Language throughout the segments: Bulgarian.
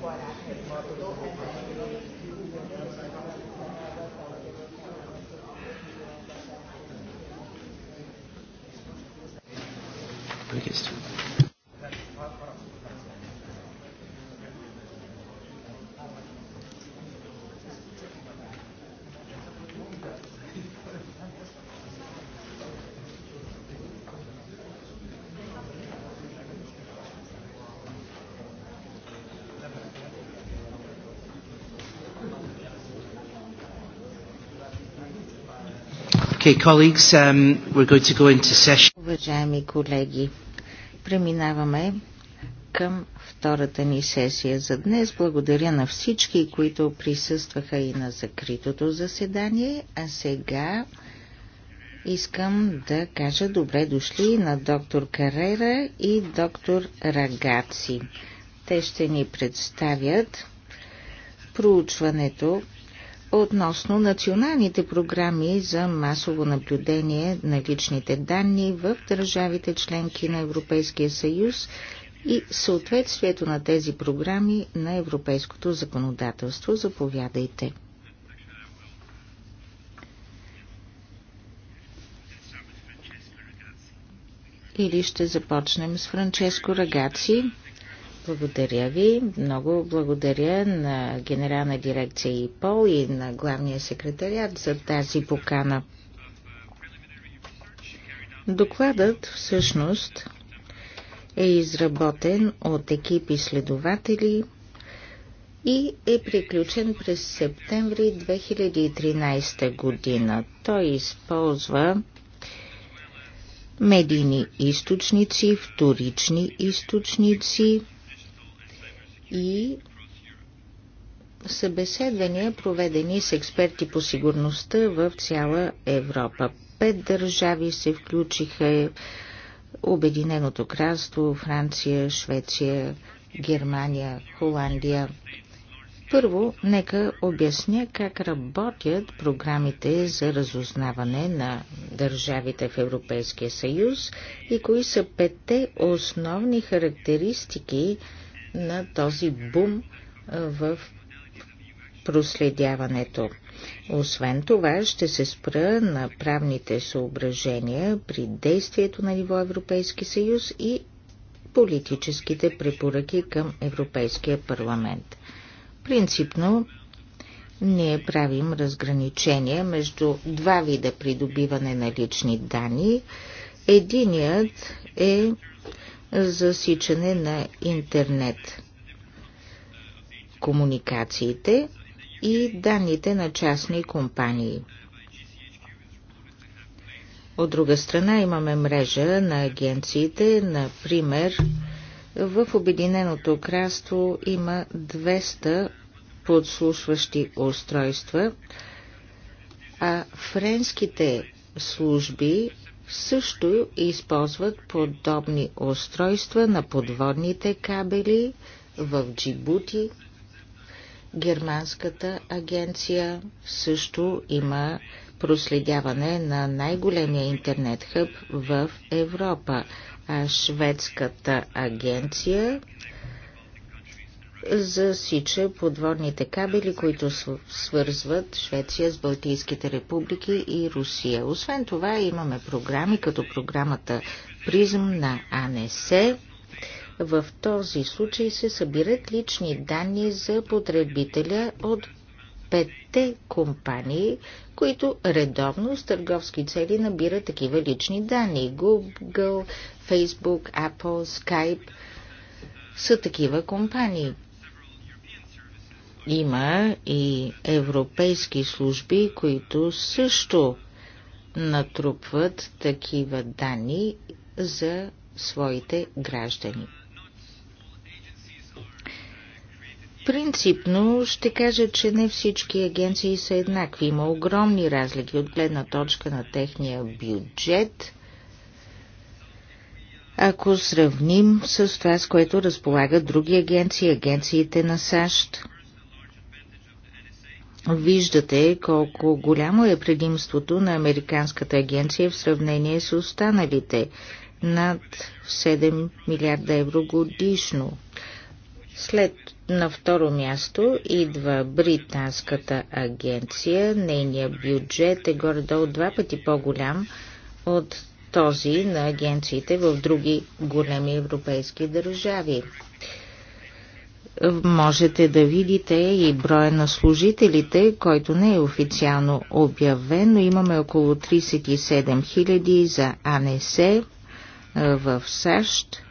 forráshoz tartozó Okay, colleagues, um, we're going to go into session. Уважаеми колеги, преминаваме към втората ни сесия за днес. Благодаря на всички, които присъстваха и на закритото заседание. А сега искам да кажа добре дошли на доктор Карера и доктор Рагаци. Те ще ни представят проучването относно националните програми за масово наблюдение на личните данни в държавите членки на Европейския съюз и съответствието на тези програми на европейското законодателство. Заповядайте. Или ще започнем с Франческо Рагаци. Благодаря ви. Много благодаря на Генерална дирекция ИПОЛ и на главния секретарят за тази покана. Докладът всъщност е изработен от екип изследователи и е приключен през септември 2013 година. Той използва медийни източници, вторични източници, и събеседвания, проведени с експерти по сигурността в цяла Европа. Пет държави се включиха Обединеното кралство, Франция, Швеция, Германия, Холандия. Първо, нека обясня как работят програмите за разузнаване на държавите в Европейския съюз и кои са петте основни характеристики на този бум в проследяването. Освен това, ще се спра на правните съображения при действието на ниво Европейски съюз и политическите препоръки към Европейския парламент. Принципно, ние правим разграничение между два вида придобиване на лични данни. Единият е засичане на интернет комуникациите и данните на частни компании. От друга страна имаме мрежа на агенциите, например в Обединеното кралство има 200 подслушващи устройства, а френските служби също използват подобни устройства на подводните кабели в Джибути. Германската агенция също има проследяване на най-големия интернет хъб в Европа, а шведската агенция засича подводните кабели, които свързват Швеция с Балтийските републики и Русия. Освен това имаме програми, като програмата Призм на АНС. В този случай се събират лични данни за потребителя от петте компании, които редовно с търговски цели набират такива лични данни. Google, Facebook, Apple, Skype са такива компании – има и европейски служби, които също натрупват такива данни за своите граждани. Принципно ще кажа, че не всички агенции са еднакви. Има огромни разлики от гледна точка на техния бюджет. Ако сравним с това, с което разполагат други агенции, агенциите на САЩ. Виждате колко голямо е предимството на Американската агенция в сравнение с останалите над 7 милиарда евро годишно. След на второ място идва Британската агенция. Нейният бюджет е горе-долу два пъти по-голям от този на агенциите в други големи европейски държави можете да видите и броя на служителите, който не е официално обявен, но имаме около 37 000 за АНС в САЩ,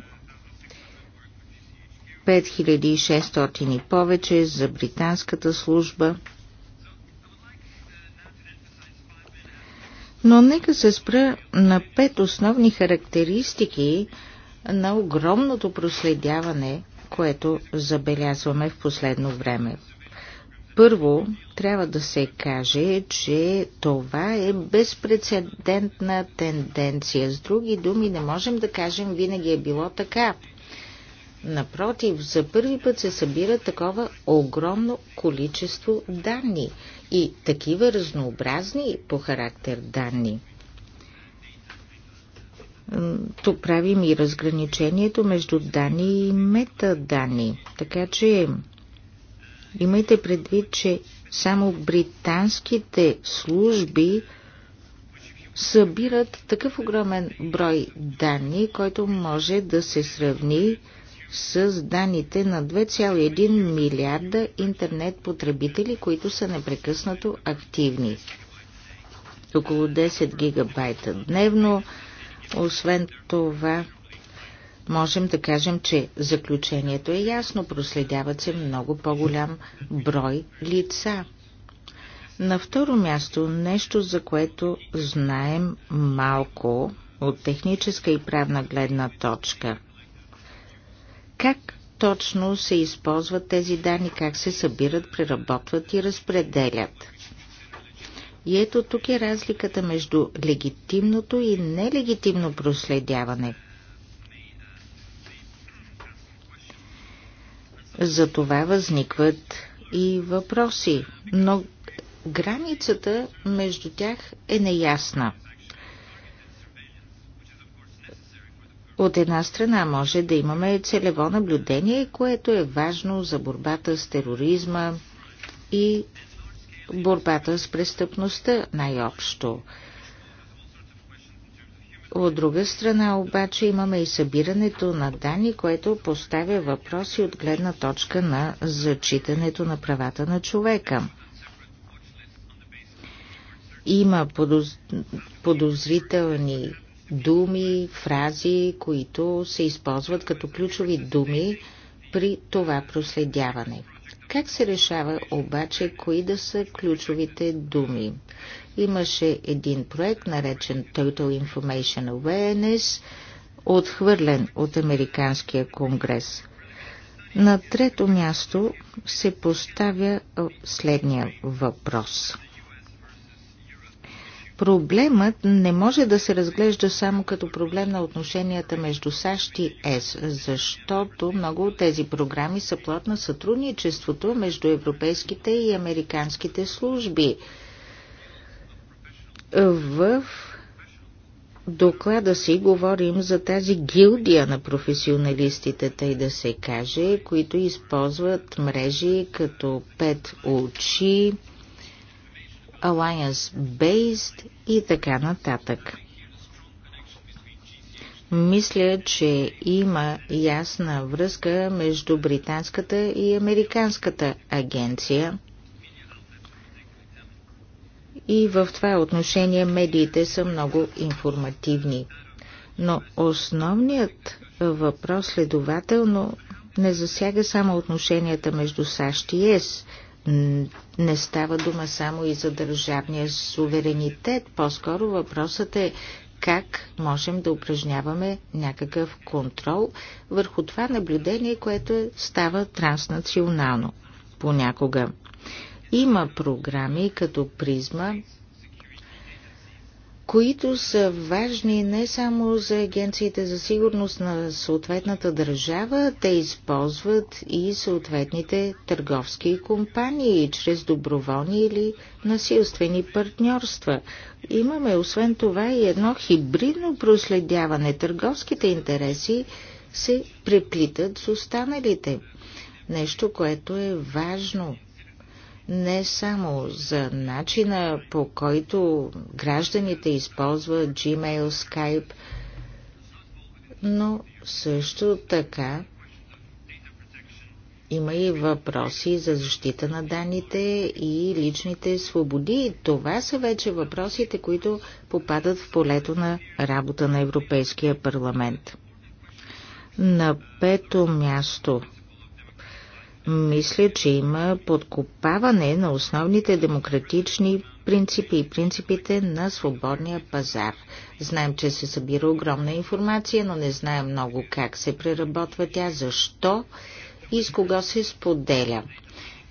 5600 и повече за британската служба. Но нека се спра на пет основни характеристики на огромното проследяване – което забелязваме в последно време. Първо, трябва да се каже, че това е безпредседентна тенденция. С други думи, не можем да кажем винаги е било така. Напротив, за първи път се събира такова огромно количество данни и такива разнообразни по характер данни. Тук правим и разграничението между данни и метаданни. Така че имайте предвид, че само британските служби събират такъв огромен брой данни, който може да се сравни с данните на 2,1 милиарда интернет потребители, които са непрекъснато активни. Около 10 гигабайта дневно, освен това, можем да кажем, че заключението е ясно, проследяват се много по-голям брой лица. На второ място, нещо, за което знаем малко от техническа и правна гледна точка. Как точно се използват тези данни, как се събират, преработват и разпределят? И ето тук е разликата между легитимното и нелегитимно проследяване. За това възникват и въпроси, но границата между тях е неясна. От една страна може да имаме целево наблюдение, което е важно за борбата с тероризма и борбата с престъпността най-общо. От друга страна обаче имаме и събирането на данни, което поставя въпроси от гледна точка на зачитането на правата на човека. Има подоз... подозрителни думи, фрази, които се използват като ключови думи при това проследяване. Как се решава обаче, кои да са ключовите думи? Имаше един проект, наречен Total Information Awareness, отхвърлен от Американския конгрес. На трето място се поставя следния въпрос – Проблемът не може да се разглежда само като проблем на отношенията между САЩ и ЕС, защото много от тези програми са плод на сътрудничеството между европейските и американските служби. В доклада си говорим за тази гилдия на професионалистите, тъй да се каже, които използват мрежи като пет очи, Alliance Based и така нататък. Мисля, че има ясна връзка между британската и американската агенция. И в това отношение медиите са много информативни. Но основният въпрос следователно не засяга само отношенията между САЩ и ЕС не става дума само и за държавния суверенитет. По-скоро въпросът е как можем да упражняваме някакъв контрол върху това наблюдение, което е, става транснационално понякога. Има програми като призма, които са важни не само за агенциите за сигурност на съответната държава, те използват и съответните търговски компании чрез доброволни или насилствени партньорства. Имаме освен това и едно хибридно проследяване. Търговските интереси се преплитат с останалите. Нещо, което е важно – не само за начина по който гражданите използват Gmail, Skype, но също така има и въпроси за защита на данните и личните свободи. Това са вече въпросите, които попадат в полето на работа на Европейския парламент. На пето място мисля, че има подкопаване на основните демократични принципи и принципите на свободния пазар. Знаем, че се събира огромна информация, но не знаем много как се преработва тя, защо и с кого се споделя.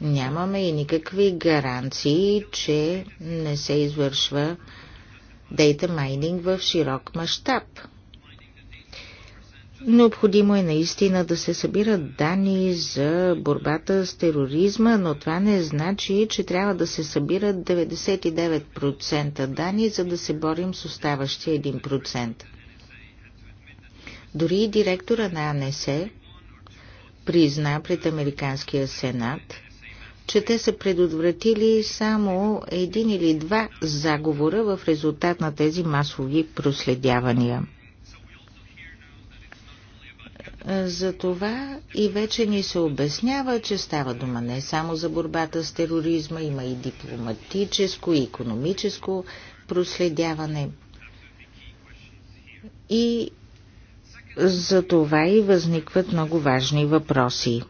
Нямаме и никакви гаранции, че не се извършва дейта майнинг в широк мащаб. Необходимо е наистина да се събират данни за борбата с тероризма, но това не значи, че трябва да се събират 99% данни, за да се борим с оставащия 1%. Дори и директора на АНС призна пред Американския сенат, че те са предотвратили само един или два заговора в резултат на тези масови проследявания. За това и вече ни се обяснява, че става дума не само за борбата с тероризма, има и дипломатическо, и економическо проследяване. И за това и възникват много важни въпроси.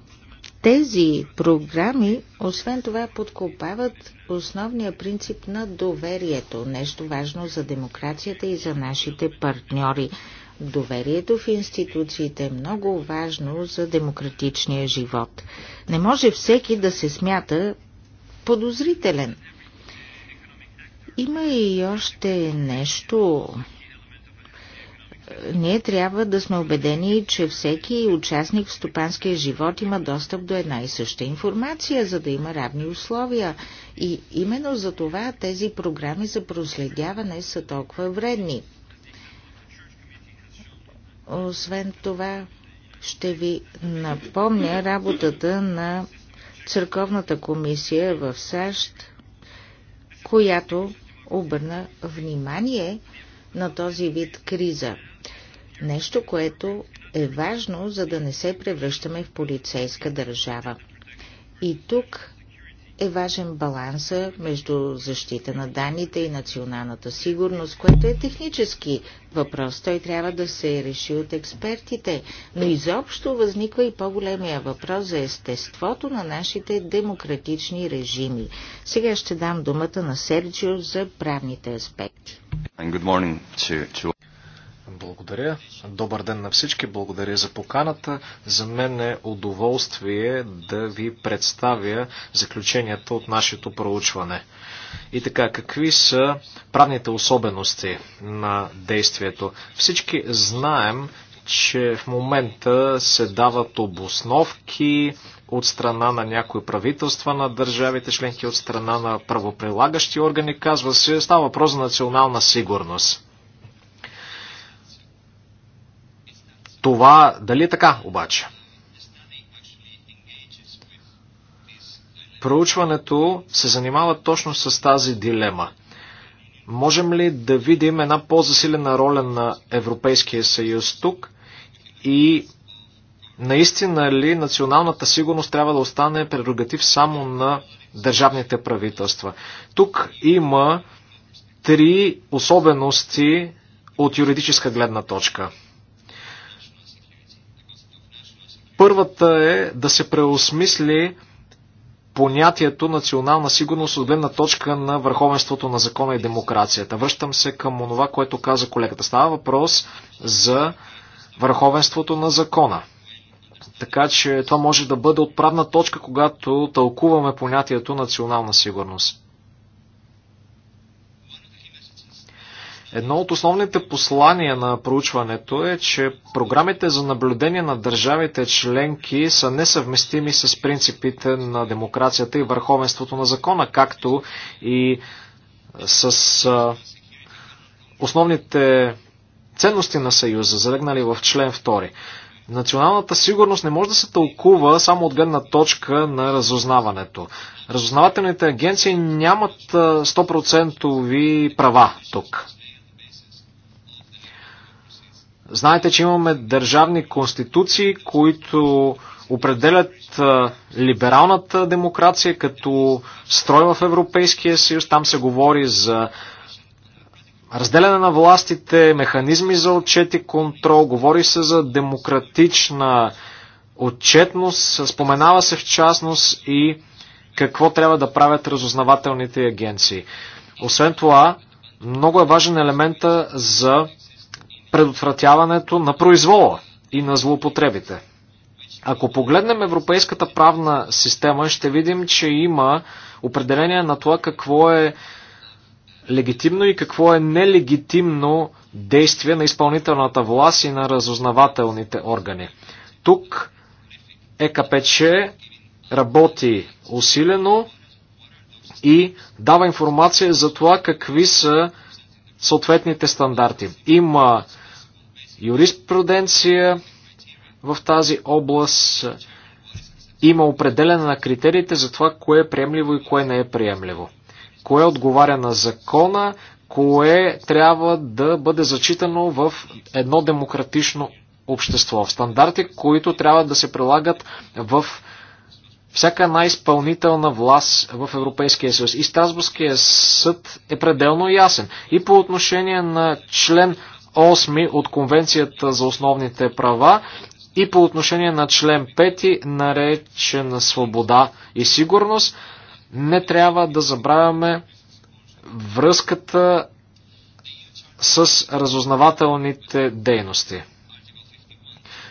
Тези програми, освен това, подкопават основния принцип на доверието, нещо важно за демокрацията и за нашите партньори. Доверието в институциите е много важно за демократичния живот. Не може всеки да се смята подозрителен. Има и още нещо. Ние трябва да сме убедени, че всеки участник в стопанския живот има достъп до една и съща информация, за да има равни условия. И именно за това тези програми за проследяване са толкова вредни. Освен това, ще ви напомня работата на Църковната комисия в САЩ, която обърна внимание на този вид криза. Нещо, което е важно, за да не се превръщаме в полицейска държава. И тук е важен баланса между защита на данните и националната сигурност, което е технически въпрос. Той трябва да се реши от експертите, но изобщо възниква и по-големия въпрос за естеството на нашите демократични режими. Сега ще дам думата на Серджио за правните аспекти. To, to... Благодаря. Добър ден на всички. Благодаря за поканата. За мен е удоволствие да ви представя заключенията от нашето проучване. И така, какви са правните особености на действието? Всички знаем, че в момента се дават обосновки от страна на някои правителства на държавите членки, от страна на правоприлагащи органи. Казва се, става въпрос за национална сигурност. Това дали е така обаче? Проучването се занимава точно с тази дилема. Можем ли да видим една по-засилена роля на Европейския съюз тук и наистина ли националната сигурност трябва да остане прерогатив само на държавните правителства? Тук има три особености от юридическа гледна точка. Първата е да се преосмисли понятието национална сигурност от гледна точка на върховенството на закона и демокрацията. Връщам се към онова, което каза колегата. Става въпрос за върховенството на закона. Така че това може да бъде отправна точка, когато тълкуваме понятието национална сигурност. Едно от основните послания на проучването е, че програмите за наблюдение на държавите членки са несъвместими с принципите на демокрацията и върховенството на закона, както и с основните ценности на Съюза, залегнали в член 2. Националната сигурност не може да се тълкува само от гледна точка на разузнаването. Разузнавателните агенции нямат 100% права тук. Знаете, че имаме държавни конституции, които определят либералната демокрация като строй в Европейския съюз. Там се говори за разделяне на властите, механизми за отчет и контрол, говори се за демократична отчетност, споменава се в частност и какво трябва да правят разузнавателните агенции. Освен това, много е важен елемента за предотвратяването на произвола и на злоупотребите. Ако погледнем европейската правна система, ще видим, че има определение на това какво е легитимно и какво е нелегитимно действие на изпълнителната власт и на разузнавателните органи. Тук ЕКПЧ работи усилено и дава информация за това какви са съответните стандарти. Има юриспруденция в тази област, има определене на критериите за това, кое е приемливо и кое не е приемливо. Кое отговаря на закона, кое трябва да бъде зачитано в едно демократично общество. стандарти, които трябва да се прилагат в всяка една изпълнителна власт в Европейския съюз. И Страсбургския съд е пределно ясен. И по отношение на член 8 от Конвенцията за основните права, и по отношение на член 5, наречен свобода и сигурност, не трябва да забравяме връзката с разузнавателните дейности.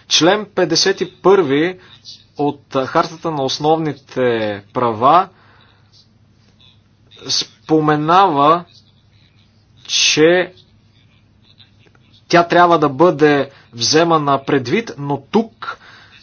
Член 51 от Хартата на основните права споменава, че тя трябва да бъде вземана предвид, но тук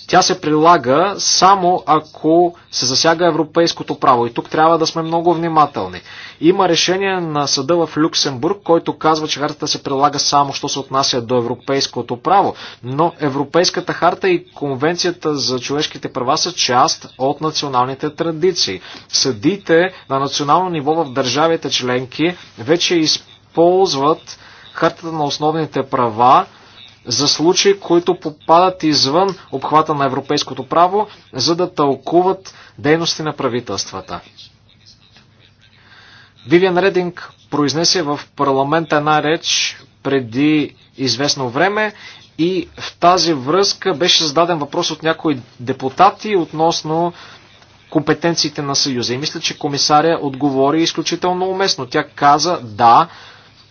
тя се прилага само ако се засяга европейското право. И тук трябва да сме много внимателни. Има решение на съда в Люксембург, който казва, че хартата се прилага само, що се отнася до европейското право. Но Европейската харта и Конвенцията за човешките права са част от националните традиции. Съдите на национално ниво в държавите членки вече използват хартата на основните права за случаи, които попадат извън обхвата на европейското право, за да тълкуват дейности на правителствата. Вивиан Рединг произнесе в парламента една реч преди известно време и в тази връзка беше зададен въпрос от някои депутати относно компетенциите на Съюза. И мисля, че комисаря отговори изключително уместно. Тя каза, да,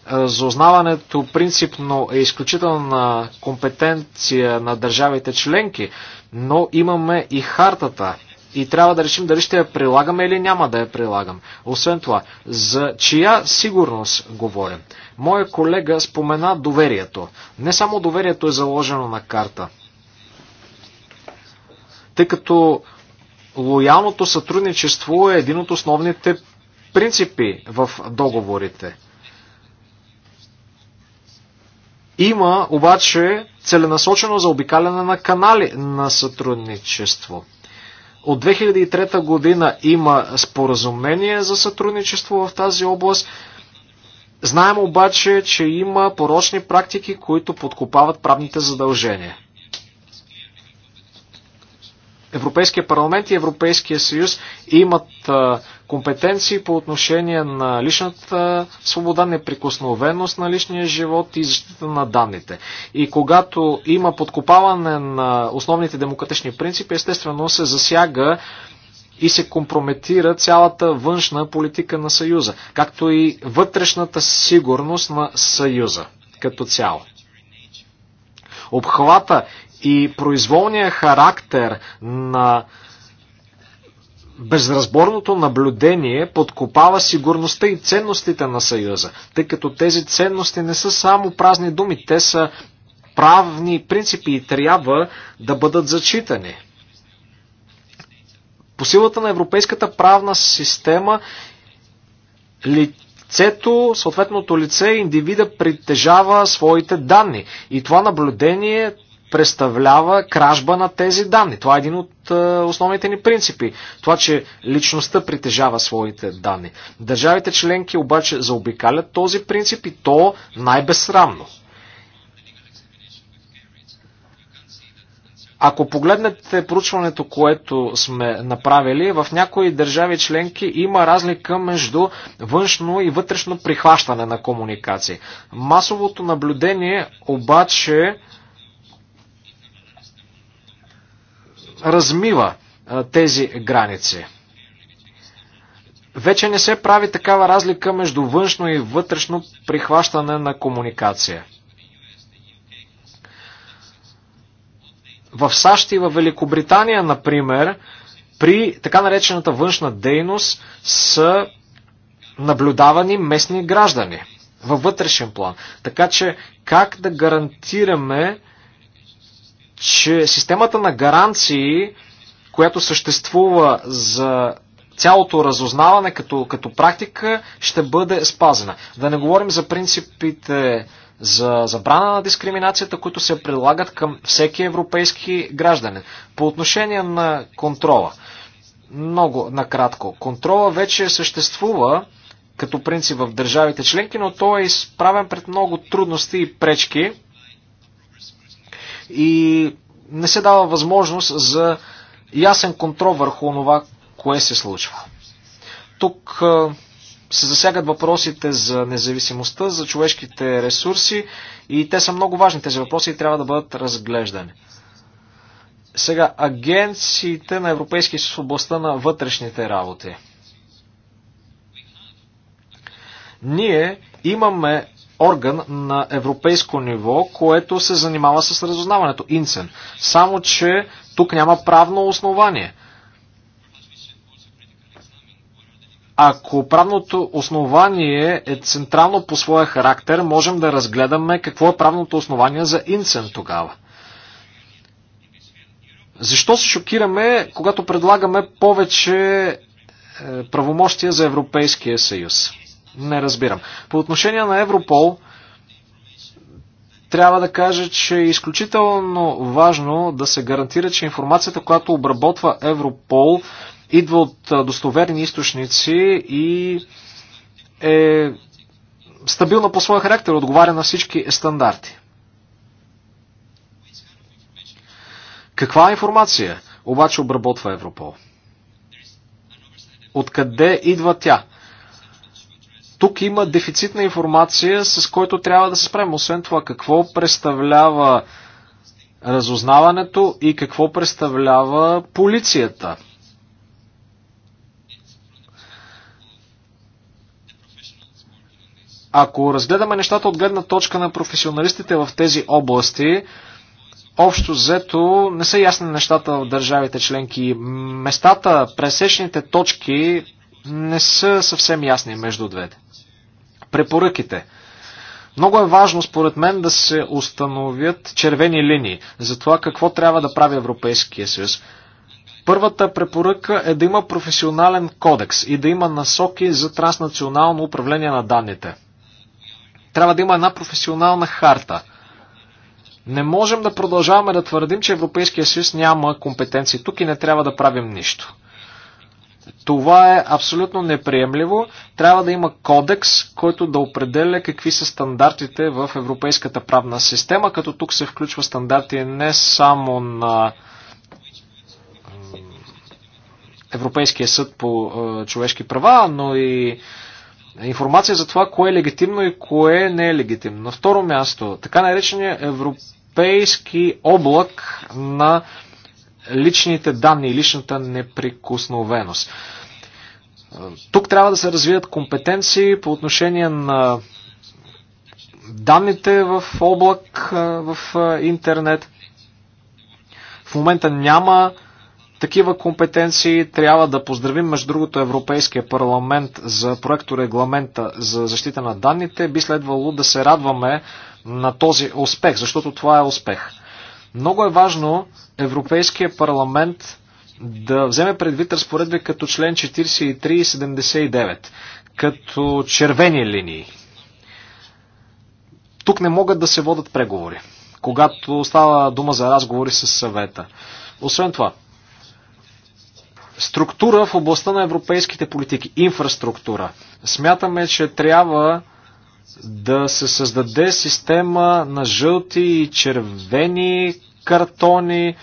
разузнаването е, принципно е изключителна компетенция на държавите членки, но имаме и хартата. И трябва да решим дали ще я прилагаме или няма да я прилагам. Освен това, за чия сигурност говорим? Моя колега спомена доверието. Не само доверието е заложено на карта. Тъй като лоялното сътрудничество е един от основните принципи в договорите – Има обаче целенасочено заобикаляне на канали на сътрудничество. От 2003 година има споразумение за сътрудничество в тази област. Знаем обаче, че има порочни практики, които подкопават правните задължения. Европейския парламент и Европейския съюз имат а, компетенции по отношение на личната свобода, неприкосновеност на личния живот и защита на данните. И когато има подкопаване на основните демократични принципи, естествено се засяга и се компрометира цялата външна политика на Съюза, както и вътрешната сигурност на Съюза като цяло. Обхвата и произволния характер на безразборното наблюдение подкопава сигурността и ценностите на Съюза, тъй като тези ценности не са само празни думи, те са правни принципи и трябва да бъдат зачитани. По силата на европейската правна система лицето, съответното лице, индивида притежава своите данни. И това наблюдение представлява кражба на тези данни. Това е един от е, основните ни принципи. Това, че личността притежава своите данни. Държавите членки обаче заобикалят този принцип и то най-безсрамно. Ако погледнете проучването, което сме направили, в някои държави членки има разлика между външно и вътрешно прихващане на комуникации. Масовото наблюдение обаче размива тези граници. Вече не се прави такава разлика между външно и вътрешно прихващане на комуникация. В САЩ и в Великобритания, например, при така наречената външна дейност са наблюдавани местни граждани във вътрешен план. Така че как да гарантираме че системата на гаранции, която съществува за цялото разузнаване като, като практика, ще бъде спазена. Да не говорим за принципите за забрана на дискриминацията, които се прилагат към всеки европейски гражданин. По отношение на контрола, много накратко. Контрола вече съществува като принцип в държавите членки, но той е изправен пред много трудности и пречки и не се дава възможност за ясен контрол върху това, кое се случва. Тук се засягат въпросите за независимостта, за човешките ресурси и те са много важни. Тези въпроси и трябва да бъдат разглеждани. Сега, агенциите на Европейския съюз в областта на вътрешните работи. Ние имаме орган на европейско ниво, което се занимава с разузнаването, Инцен. Само, че тук няма правно основание. Ако правното основание е централно по своя характер, можем да разгледаме какво е правното основание за Инцен тогава. Защо се шокираме, когато предлагаме повече е, правомощия за Европейския съюз? не разбирам. По отношение на Европол, трябва да кажа, че е изключително важно да се гарантира, че информацията, която обработва Европол, идва от достоверни източници и е стабилна по своя характер, отговаря на всички стандарти. Каква информация обаче обработва Европол? Откъде идва тя? Тук има дефицит на информация, с който трябва да се спрем. Освен това, какво представлява разузнаването и какво представлява полицията? Ако разгледаме нещата от гледна точка на професионалистите в тези области, общо взето не са ясни нещата в държавите членки. Местата, пресечните точки не са съвсем ясни между двете препоръките. Много е важно, според мен, да се установят червени линии за това какво трябва да прави Европейския съюз. Първата препоръка е да има професионален кодекс и да има насоки за транснационално управление на данните. Трябва да има една професионална харта. Не можем да продължаваме да твърдим, че Европейския съюз няма компетенции тук и не трябва да правим нищо. Това е абсолютно неприемливо. Трябва да има кодекс, който да определя какви са стандартите в европейската правна система, като тук се включва стандарти не само на Европейския съд по е, човешки права, но и информация за това, кое е легитимно и кое не е легитимно. На второ място, така наречения европейски облак на личните данни и личната неприкосновеност. Тук трябва да се развият компетенции по отношение на данните в облак, в интернет. В момента няма такива компетенции. Трябва да поздравим, между другото, Европейския парламент за проекто регламента за защита на данните. Би следвало да се радваме на този успех, защото това е успех. Много е важно Европейския парламент да вземе предвид разпоредби като член 43 и 79, като червени линии. Тук не могат да се водат преговори, когато става дума за разговори с съвета. Освен това, структура в областта на европейските политики, инфраструктура. Смятаме, че трябва да се създаде система на жълти и червени картони,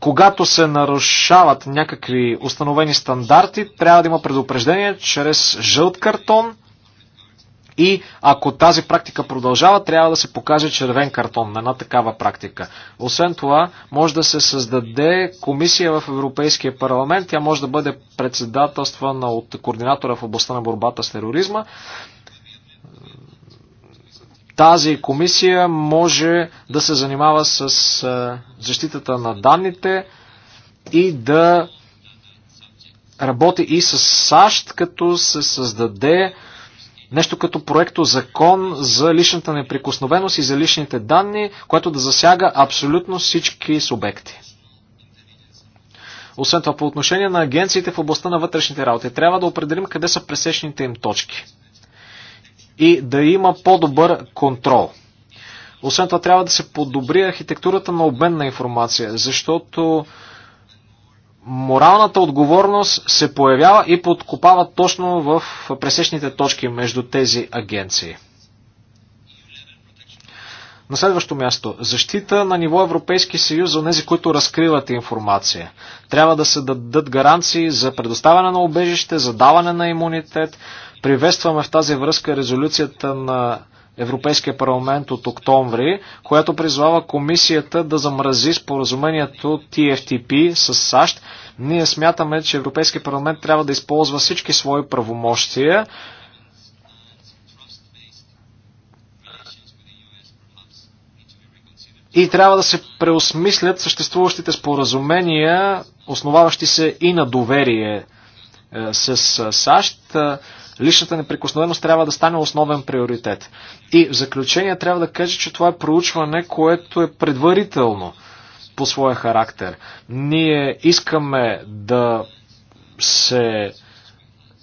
когато се нарушават някакви установени стандарти, трябва да има предупреждение чрез жълт картон. И ако тази практика продължава, трябва да се покаже червен картон на една такава практика. Освен това, може да се създаде комисия в Европейския парламент. Тя може да бъде председателствана от координатора в областта на борбата с тероризма тази комисия може да се занимава с защитата на данните и да работи и с САЩ, като се създаде нещо като проекто закон за личната неприкосновеност и за личните данни, което да засяга абсолютно всички субекти. Освен това, по отношение на агенциите в областта на вътрешните работи, трябва да определим къде са пресечните им точки и да има по-добър контрол. Освен това, трябва да се подобри архитектурата на обмен на информация, защото моралната отговорност се появява и подкопава точно в пресечните точки между тези агенции. На следващо място, защита на ниво Европейски съюз за тези, които разкриват информация. Трябва да се дадат гаранции за предоставяне на обежище, за даване на имунитет. Приветстваме в тази връзка резолюцията на Европейския парламент от октомври, която призвава комисията да замрази споразумението TFTP с САЩ. Ние смятаме, че Европейския парламент трябва да използва всички свои правомощия. И трябва да се преосмислят съществуващите споразумения, основаващи се и на доверие е, с е, САЩ. Е, личната неприкосновеност трябва да стане основен приоритет. И в заключение трябва да кажа, че това е проучване, което е предварително по своя характер. Ние искаме да се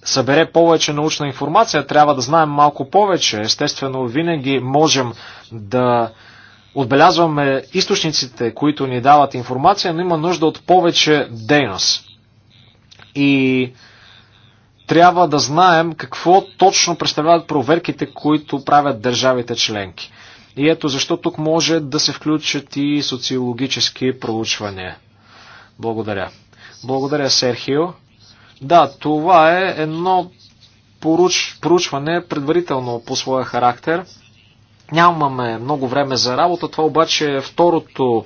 събере повече научна информация, трябва да знаем малко повече. Естествено, винаги можем да отбелязваме източниците, които ни дават информация, но има нужда от повече дейност. И трябва да знаем какво точно представляват проверките, които правят държавите членки. И ето защо тук може да се включат и социологически проучвания. Благодаря. Благодаря, Серхио. Да, това е едно поруч, поручване предварително по своя характер. Нямаме много време за работа, това обаче е второто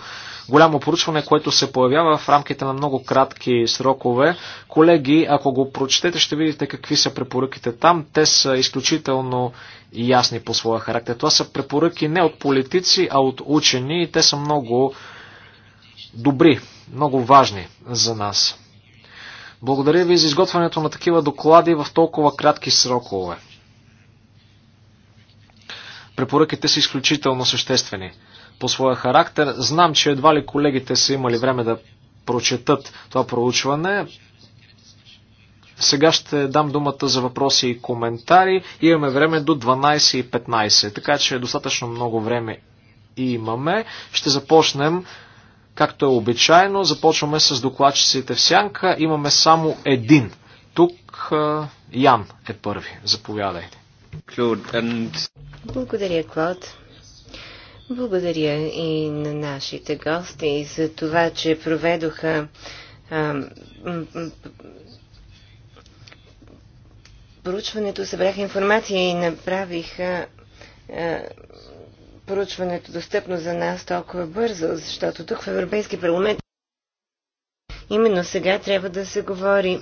голямо поручване, което се появява в рамките на много кратки срокове. Колеги, ако го прочетете, ще видите какви са препоръките там. Те са изключително ясни по своя характер. Това са препоръки не от политици, а от учени и те са много добри, много важни за нас. Благодаря ви за изготвянето на такива доклади в толкова кратки срокове. Препоръките са изключително съществени по своя характер. Знам, че едва ли колегите са имали време да прочетат това проучване. Сега ще дам думата за въпроси и коментари. Имаме време до 12.15, така че достатъчно много време имаме. Ще започнем както е обичайно. Започваме с докладчиците в сянка. Имаме само един. Тук Ян е първи. Заповядайте. Благодаря, Клод. Благодаря и на нашите гости за това, че проведоха проучването, събраха информация и направиха проучването достъпно за нас толкова бързо, защото тук в Европейски парламент именно сега трябва да се говори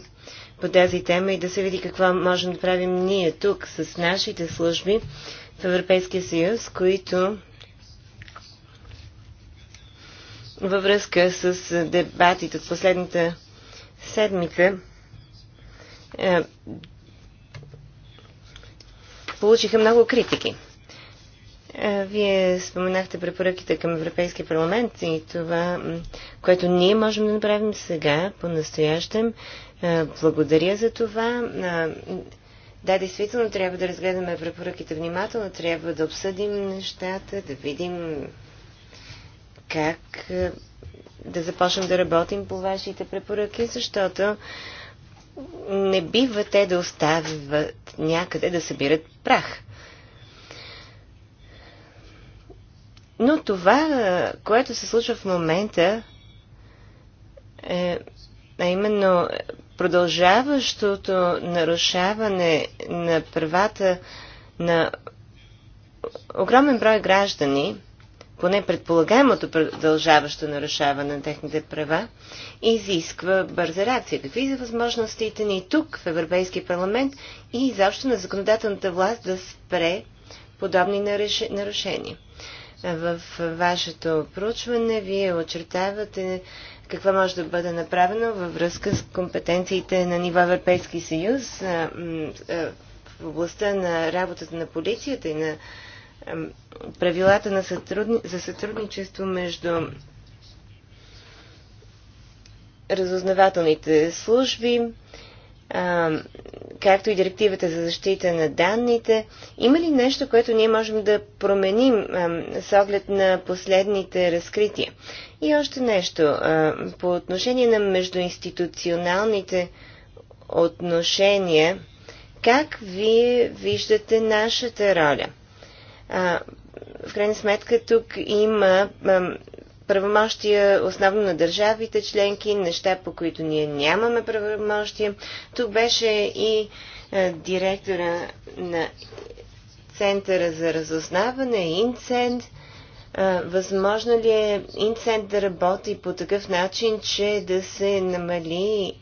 по тази тема и да се види какво можем да правим ние тук с нашите служби в Европейския съюз, които във връзка с дебатите от последната седмица получиха много критики. вие споменахте препоръките към Европейския парламент и това, което ние можем да направим сега, по-настоящем. благодаря за това. Да, действително трябва да разгледаме препоръките внимателно, трябва да обсъдим нещата, да видим как е, да започнем да работим по вашите препоръки, защото не бива те да оставят някъде да събират прах. Но това, е, което се случва в момента, е, а именно продължаващото нарушаване на правата на огромен брой граждани, поне предполагаемото продължаващо нарушаване на техните права, изисква бърза реакция. Какви са възможностите ни тук, в Европейския парламент и изобщо на законодателната власт да спре подобни нарушения? В вашето проучване вие очертавате какво може да бъде направено във връзка с компетенциите на ниво Европейски съюз в областта на работата на полицията и на правилата на сътрудни... за сътрудничество между разузнавателните служби, а, както и директивата за защита на данните. Има ли нещо, което ние можем да променим а, с оглед на последните разкрития? И още нещо. А, по отношение на междуинституционалните отношения, как вие виждате нашата роля – а, в крайна сметка тук има а, правомощия основно на държавите членки, неща по които ние нямаме правомощия. Тук беше и а, директора на Центъра за разузнаване, Инцент. Възможно ли е Инцент да работи по такъв начин, че да се намали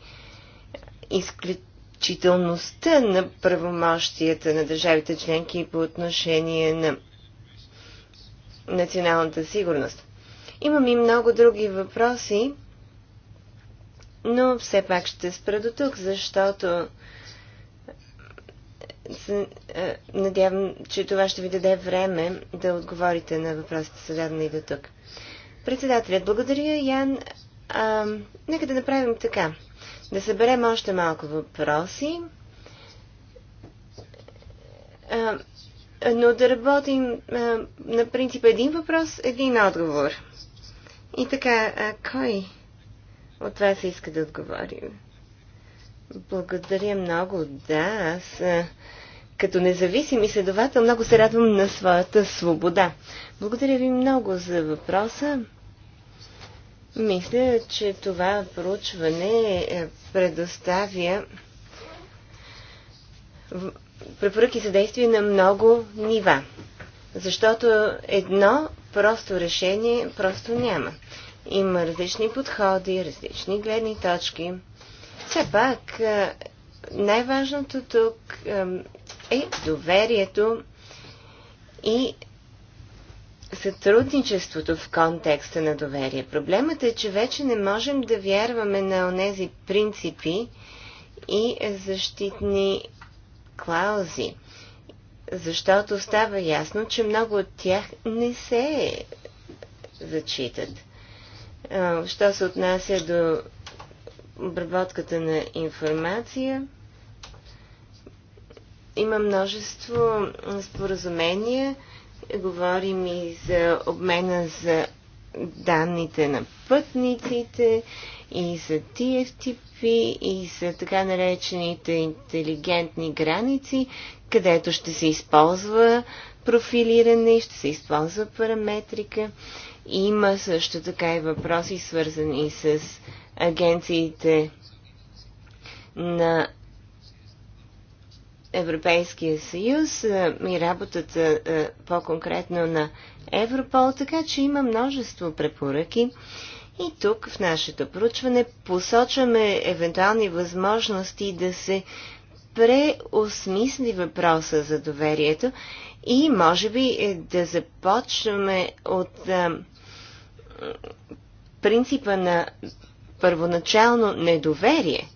изключително изключителността на правомощията на държавите членки по отношение на националната сигурност. Имам и много други въпроси, но все пак ще спра до тук, защото е, надявам, че това ще ви даде време да отговорите на въпросите зададени и до тук. Председателят, благодаря, Ян. А, нека да направим така. Да съберем още малко въпроси. но да работим на принцип един въпрос, един отговор. И така, а кой от вас иска да отговори? Благодаря много. Да, аз като независим изследовател много се радвам на своята свобода. Благодаря ви много за въпроса. Мисля, че това проучване е, предоставя препоръки за действие на много нива. Защото едно просто решение просто няма. Има различни подходи, различни гледни точки. Все пак, е, най-важното тук е, е доверието и сътрудничеството в контекста на доверие. Проблемът е, че вече не можем да вярваме на онези принципи и защитни клаузи, защото става ясно, че много от тях не се зачитат. Що се отнася до обработката на информация, има множество споразумения, говорим и за обмена за данните на пътниците, и за TFTP, и за така наречените интелигентни граници, където ще се използва профилиране ще се използва параметрика. Има също така и въпроси, свързани с агенциите на Европейския съюз и работата по-конкретно на Европол, така че има множество препоръки. И тук в нашето проучване посочваме евентуални възможности да се преосмисли въпроса за доверието и може би е, да започваме от принципа на първоначално недоверие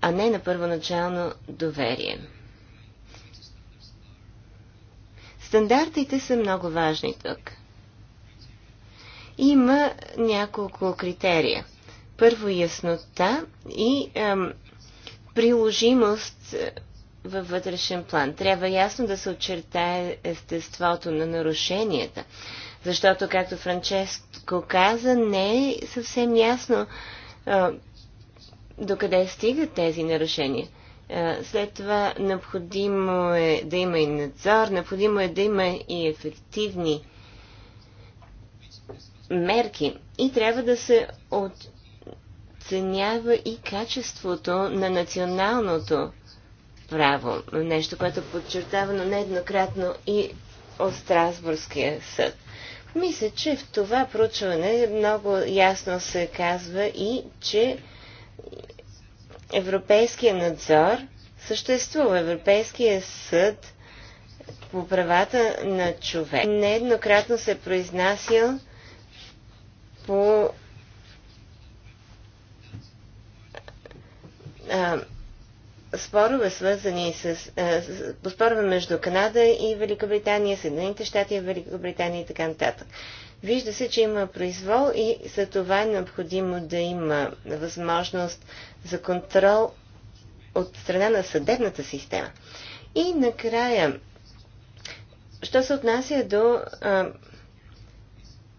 а не на първоначално доверие. Стандартите са много важни тук. Има няколко критерия. Първо яснота и ем, приложимост е, във вътрешен план. Трябва ясно да се очертае естеството на нарушенията, защото, както Франческо каза, не е съвсем ясно докъде стигат тези нарушения. След това необходимо е да има и надзор, необходимо е да има и ефективни мерки и трябва да се оценява и качеството на националното право. Нещо, което подчертавано нееднократно и от Страсбургския съд. Мисля, че в това проучване много ясно се казва и, че Европейския надзор съществува. Европейския съд по правата на човек нееднократно се е произнасял по а, спорове свързани с, а, с по спорове между Канада и Великобритания, Съединените щати и Великобритания и така нататък. Вижда се, че има произвол и за това е необходимо да има възможност за контрол от страна на съдебната система. И накрая, що се отнася до а,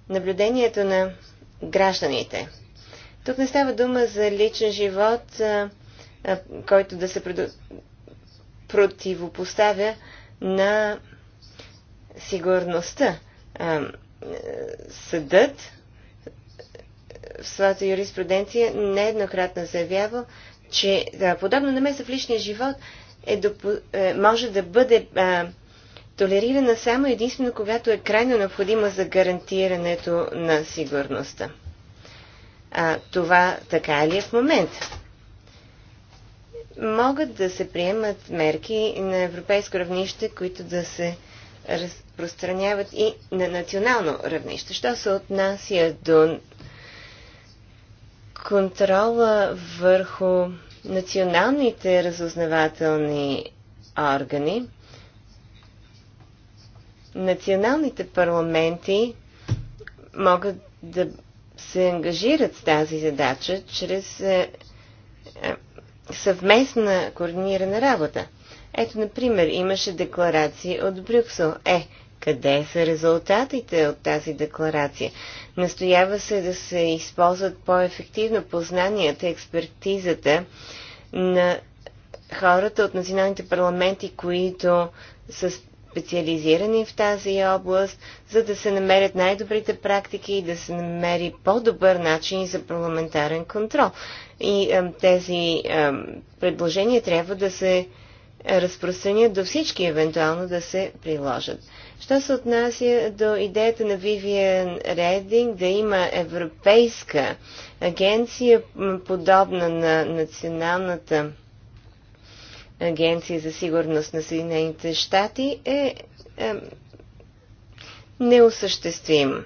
наблюдението на гражданите. Тук не става дума за личен живот, а, а, който да се преду... противопоставя на сигурността. А, съдът в своята юриспруденция нееднократно заявява, че подобна намеса в личния живот е допу... Е, може да бъде а, толерирана само единствено, когато е крайно необходима за гарантирането на сигурността. А, това така е ли е в момента? Могат да се приемат мерки на европейско равнище, които да се разпространяват и на национално равнище. Що се отнася до контрола върху националните разузнавателни органи, националните парламенти могат да се ангажират с тази задача чрез е, е, съвместна координирана работа. Ето, например, имаше декларации от Брюксел. Е, къде са резултатите от тази декларация? Настоява се да се използват по-ефективно познанията, експертизата на хората от националните парламенти, които са специализирани в тази област, за да се намерят най-добрите практики и да се намери по-добър начин за парламентарен контрол. И а, тези а, предложения трябва да се е разпространят до всички, евентуално да се приложат. Що се отнася до идеята на Вивиан Рединг да има европейска агенция, подобна на Националната агенция за сигурност на Съединените щати, е, е неосъществим,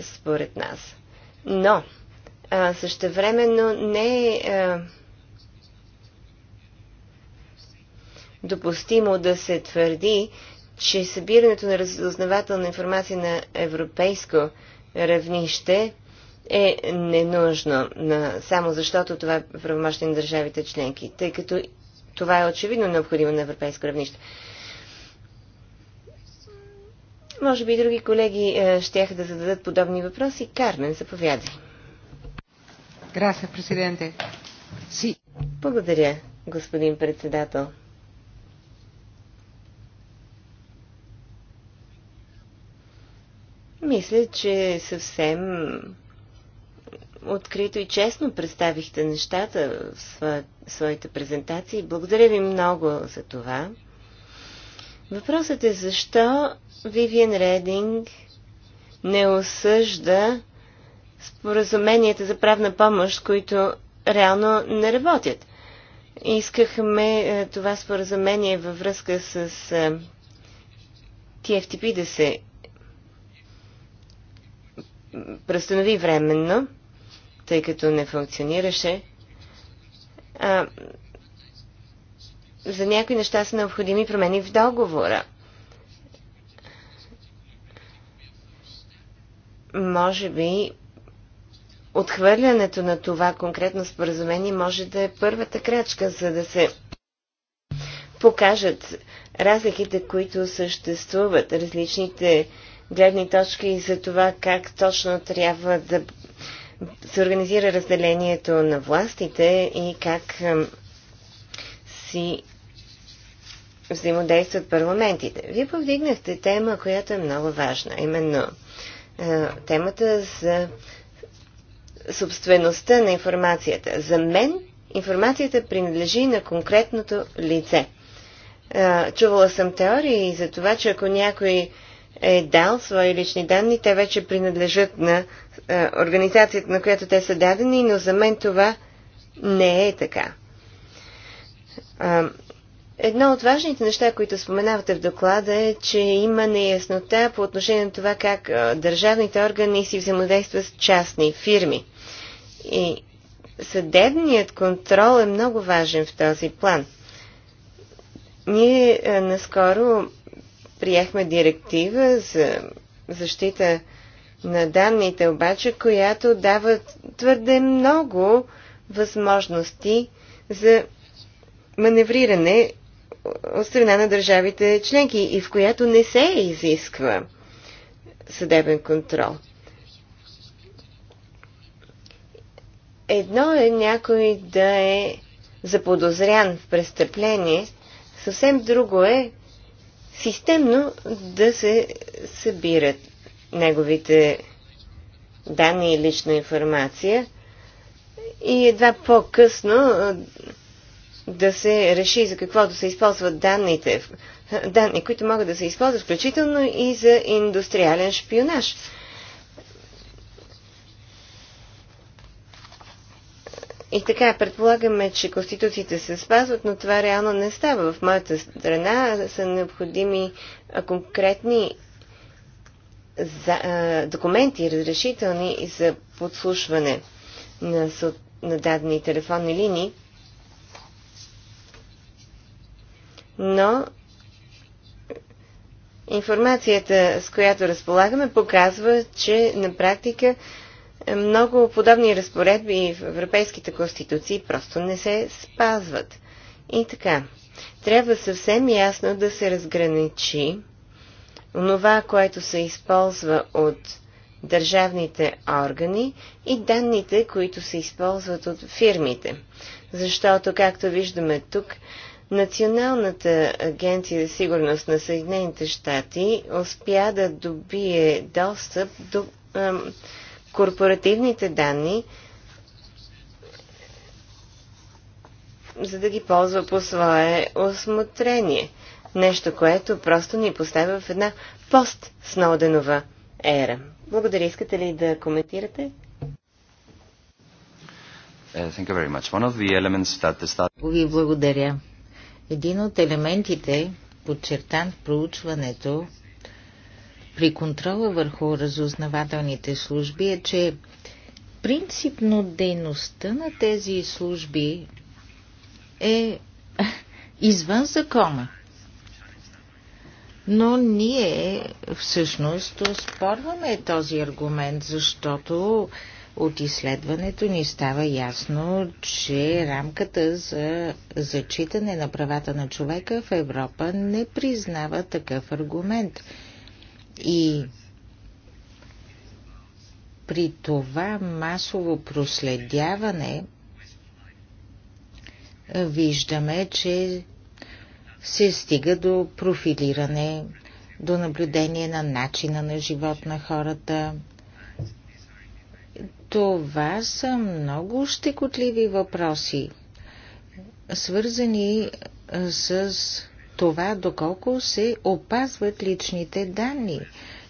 според нас. Но, а, същевременно не е, е допустимо да се твърди, че събирането на разузнавателна информация на европейско равнище е ненужно, само защото това е правомощие на държавите членки, тъй като това е очевидно необходимо на европейско равнище. Може би и други колеги ще да зададат подобни въпроси. Кармен, заповядай. Благодаря, господин председател. Мисля, че съвсем открито и честно представихте нещата в своите презентации. Благодаря ви много за това. Въпросът е защо Вивиан Рединг не осъжда споразуменията за правна помощ, които реално не работят. Искахме е, това споразумение във връзка с е, TFTP да се Престанови временно, тъй като не функционираше. А, за някои неща са необходими промени в договора. Може би отхвърлянето на това конкретно споразумение може да е първата крачка, за да се покажат разликите, които съществуват, различните гледни точки за това как точно трябва да се организира разделението на властите и как си взаимодействат парламентите. Вие повдигнахте тема, която е много важна, именно темата за собствеността на информацията. За мен информацията принадлежи на конкретното лице. Чувала съм теории за това, че ако някой е дал свои лични данни, те вече принадлежат на е, организацията, на която те са дадени, но за мен това не е така. Е, едно от важните неща, които споменавате в доклада е, че има неяснота по отношение на това как е, държавните органи си взаимодействат с частни фирми. И съдебният контрол е много важен в този план. Ние е, наскоро Приехме директива за защита на данните, обаче, която дава твърде много възможности за маневриране от страна на държавите членки и в която не се изисква съдебен контрол. Едно е някой да е заподозрян в престъпление, съвсем друго е системно да се събират неговите данни и лична информация и едва по-късно да се реши за какво да се използват данните, данни, които могат да се използват, включително и за индустриален шпионаж. И така, предполагаме, че конституциите се спазват, но това реално не става. В моята страна са необходими конкретни за, документи, разрешителни за подслушване на, на дадени телефонни линии. Но информацията, с която разполагаме, показва, че на практика много подобни разпоредби в европейските конституции просто не се спазват. И така, трябва съвсем ясно да се разграничи онова, което се използва от държавните органи и данните, които се използват от фирмите. Защото, както виждаме тук, Националната агенция за сигурност на Съединените щати успя да добие достъп до ам, корпоративните данни, за да ги ползва по свое осмотрение. Нещо, което просто ни поставя в една пост-Сноуденова ера. Благодаря. Искате ли да коментирате? Uh, Ви благодаря. Един от елементите, подчертан в проучването, при контрола върху разузнавателните служби е, че принципно дейността на тези служби е извън закона. Но ние всъщност спорваме този аргумент, защото от изследването ни става ясно, че рамката за зачитане на правата на човека в Европа не признава такъв аргумент – и при това масово проследяване виждаме, че се стига до профилиране, до наблюдение на начина на живот на хората. Това са много щекотливи въпроси, свързани с това доколко се опазват личните данни.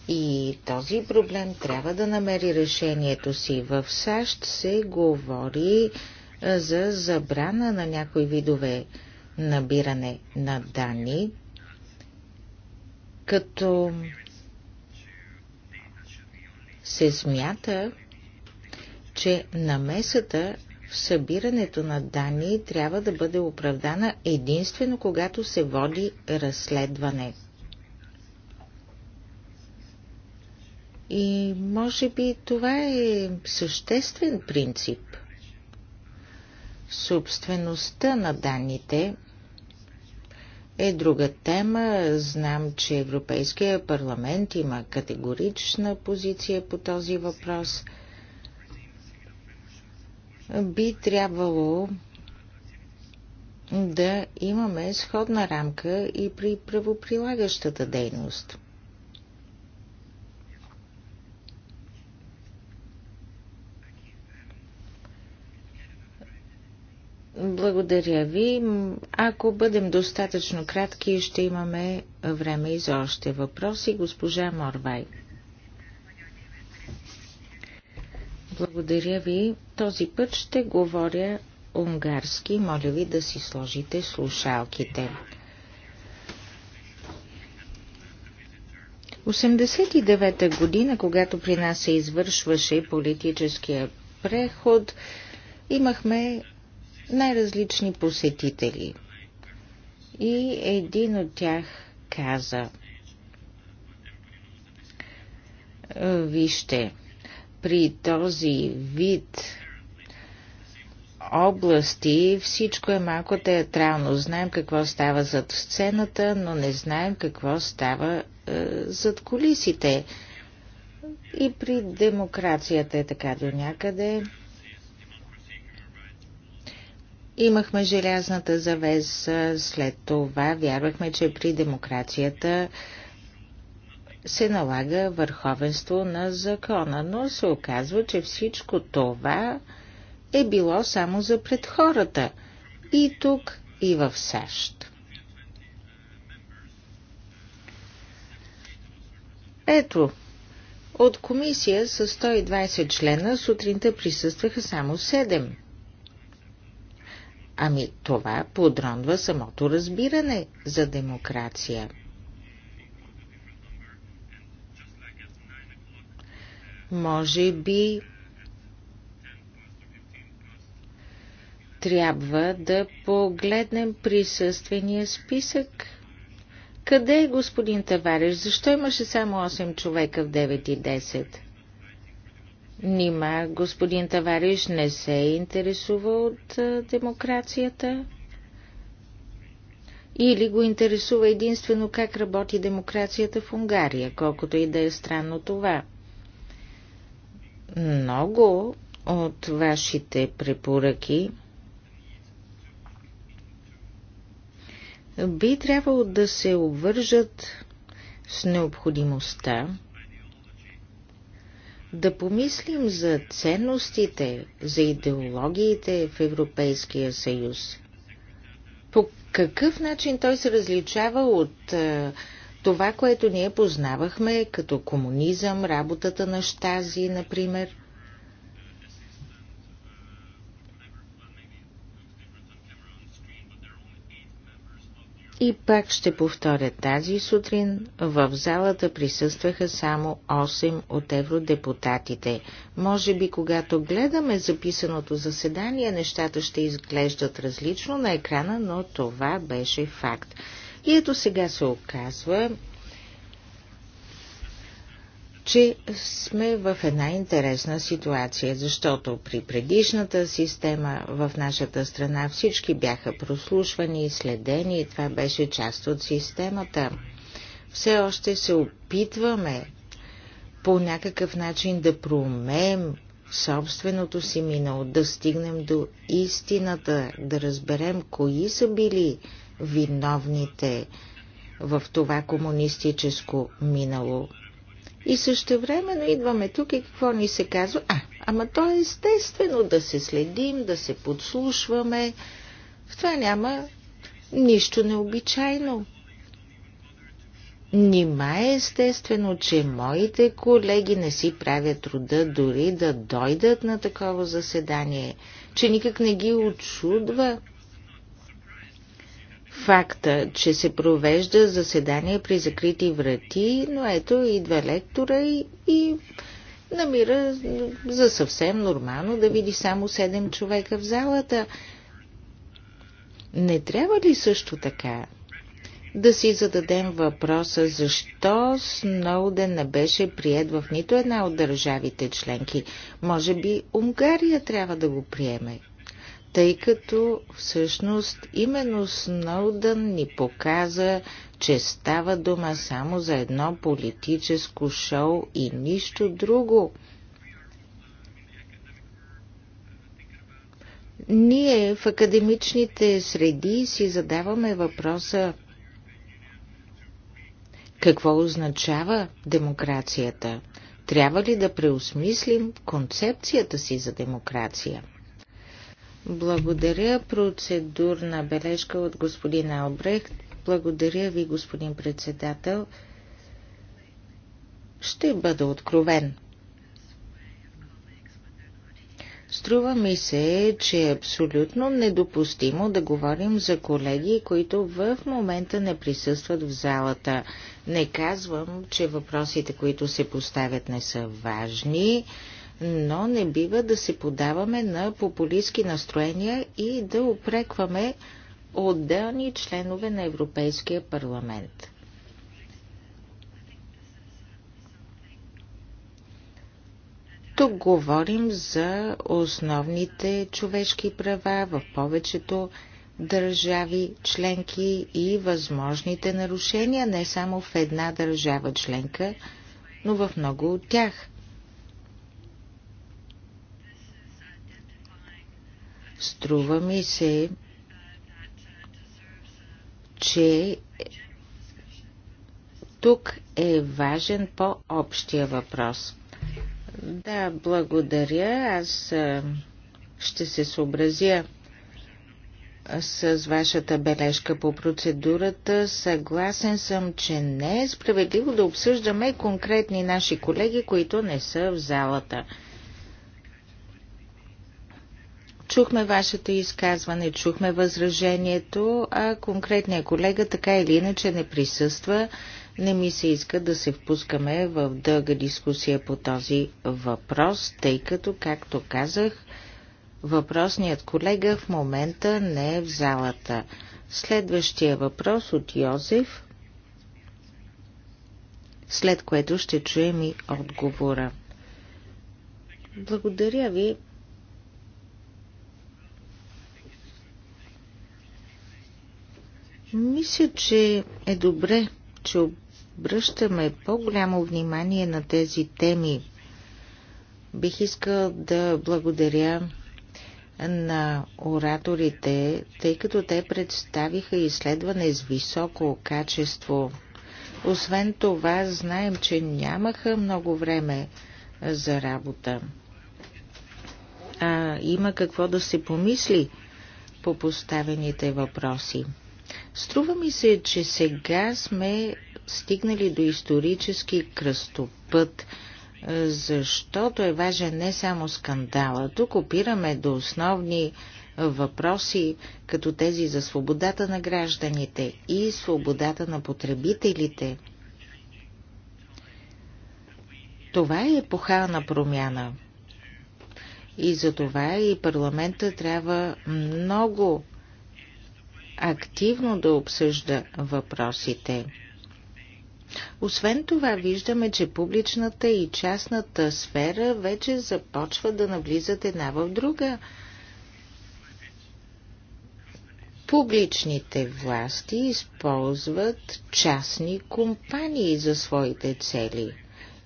И този проблем трябва да намери решението си. В САЩ се говори за забрана на някои видове набиране на данни, като се смята, че намесата събирането на данни трябва да бъде оправдана единствено когато се води разследване. И може би това е съществен принцип. Собствеността на данните е друга тема. Знам, че Европейския парламент има категорична позиция по този въпрос – би трябвало да имаме сходна рамка и при правоприлагащата дейност. Благодаря ви. Ако бъдем достатъчно кратки, ще имаме време и за още въпроси. Госпожа Морвай. Благодаря ви. Този път ще говоря унгарски. Моля ви да си сложите слушалките. 89-та година, когато при нас се извършваше политическия преход, имахме най-различни посетители. И един от тях каза, вижте, при този вид области всичко е малко театрално. Знаем какво става зад сцената, но не знаем какво става е, зад колисите. И при демокрацията е така до някъде. Имахме желязната завеса, след това вярвахме, че при демокрацията е, се налага върховенство на закона, но се оказва, че всичко това е било само за пред хората и тук, и в САЩ. Ето, от комисия с 120 члена сутринта присъстваха само 7. Ами това подронва самото разбиране за демокрация – Може би трябва да погледнем присъствения списък. Къде е господин Тавареш? Защо имаше само 8 човека в 9 и 10? Нима господин Тавариш не се е интересува от демокрацията? Или го интересува единствено как работи демокрацията в Унгария, колкото и да е странно това? Много от вашите препоръки би трябвало да се обвържат с необходимостта да помислим за ценностите, за идеологиите в Европейския съюз. По какъв начин той се различава от е, това, което ние познавахме като комунизъм, работата на Штази, например. И пак ще повторя тази сутрин, в залата присъстваха само 8 от евродепутатите. Може би, когато гледаме записаното заседание, нещата ще изглеждат различно на екрана, но това беше факт. И ето сега се оказва, че сме в една интересна ситуация, защото при предишната система в нашата страна всички бяха прослушвани, следени и това беше част от системата. Все още се опитваме по някакъв начин да проумеем собственото си минало, да стигнем до истината, да разберем кои са били виновните в това комунистическо минало. И също времено идваме тук и какво ни се казва? А, ама то е естествено да се следим, да се подслушваме. В това няма нищо необичайно. Нима е естествено, че моите колеги не си правят труда дори да дойдат на такова заседание, че никак не ги очудва факта, че се провежда заседание при закрити врати, но ето и два лектора и, и намира за съвсем нормално да види само 7 човека в залата. Не трябва ли също така да си зададем въпроса защо Сноуден не беше прият в нито една от държавите членки? Може би Унгария трябва да го приеме тъй като всъщност именно Сноудън ни показа, че става дума само за едно политическо шоу и нищо друго. Ние в академичните среди си задаваме въпроса какво означава демокрацията? Трябва ли да преосмислим концепцията си за демокрация? Благодаря. Процедурна бележка от господин Албрехт. Благодаря ви, господин председател. Ще бъда откровен. Струва ми се, че е абсолютно недопустимо да говорим за колеги, които в момента не присъстват в залата. Не казвам, че въпросите, които се поставят, не са важни но не бива да се подаваме на популистски настроения и да опрекваме отделни членове на Европейския парламент. Тук говорим за основните човешки права в повечето държави членки и възможните нарушения не само в една държава членка, но в много от тях. Струва ми се, че тук е важен по-общия въпрос. Да, благодаря. Аз ще се съобразя с вашата бележка по процедурата. Съгласен съм, че не е справедливо да обсъждаме конкретни наши колеги, които не са в залата. Чухме вашето изказване, чухме възражението, а конкретният колега така или иначе не присъства. Не ми се иска да се впускаме в дълга дискусия по този въпрос, тъй като, както казах, въпросният колега в момента не е в залата. Следващия въпрос от Йозеф, след което ще чуем и отговора. Благодаря ви. Мисля, че е добре, че обръщаме по-голямо внимание на тези теми. Бих искал да благодаря на ораторите, тъй като те представиха изследване с високо качество. Освен това, знаем, че нямаха много време за работа. А има какво да се помисли по поставените въпроси. Струва ми се, че сега сме стигнали до исторически кръстопът, е, защото е важен не само скандала. Тук опираме до основни въпроси, като тези за свободата на гражданите и свободата на потребителите. Това е епохална промяна. И за това и парламента трябва много активно да обсъжда въпросите. Освен това, виждаме, че публичната и частната сфера вече започва да навлизат една в друга. Публичните власти използват частни компании за своите цели.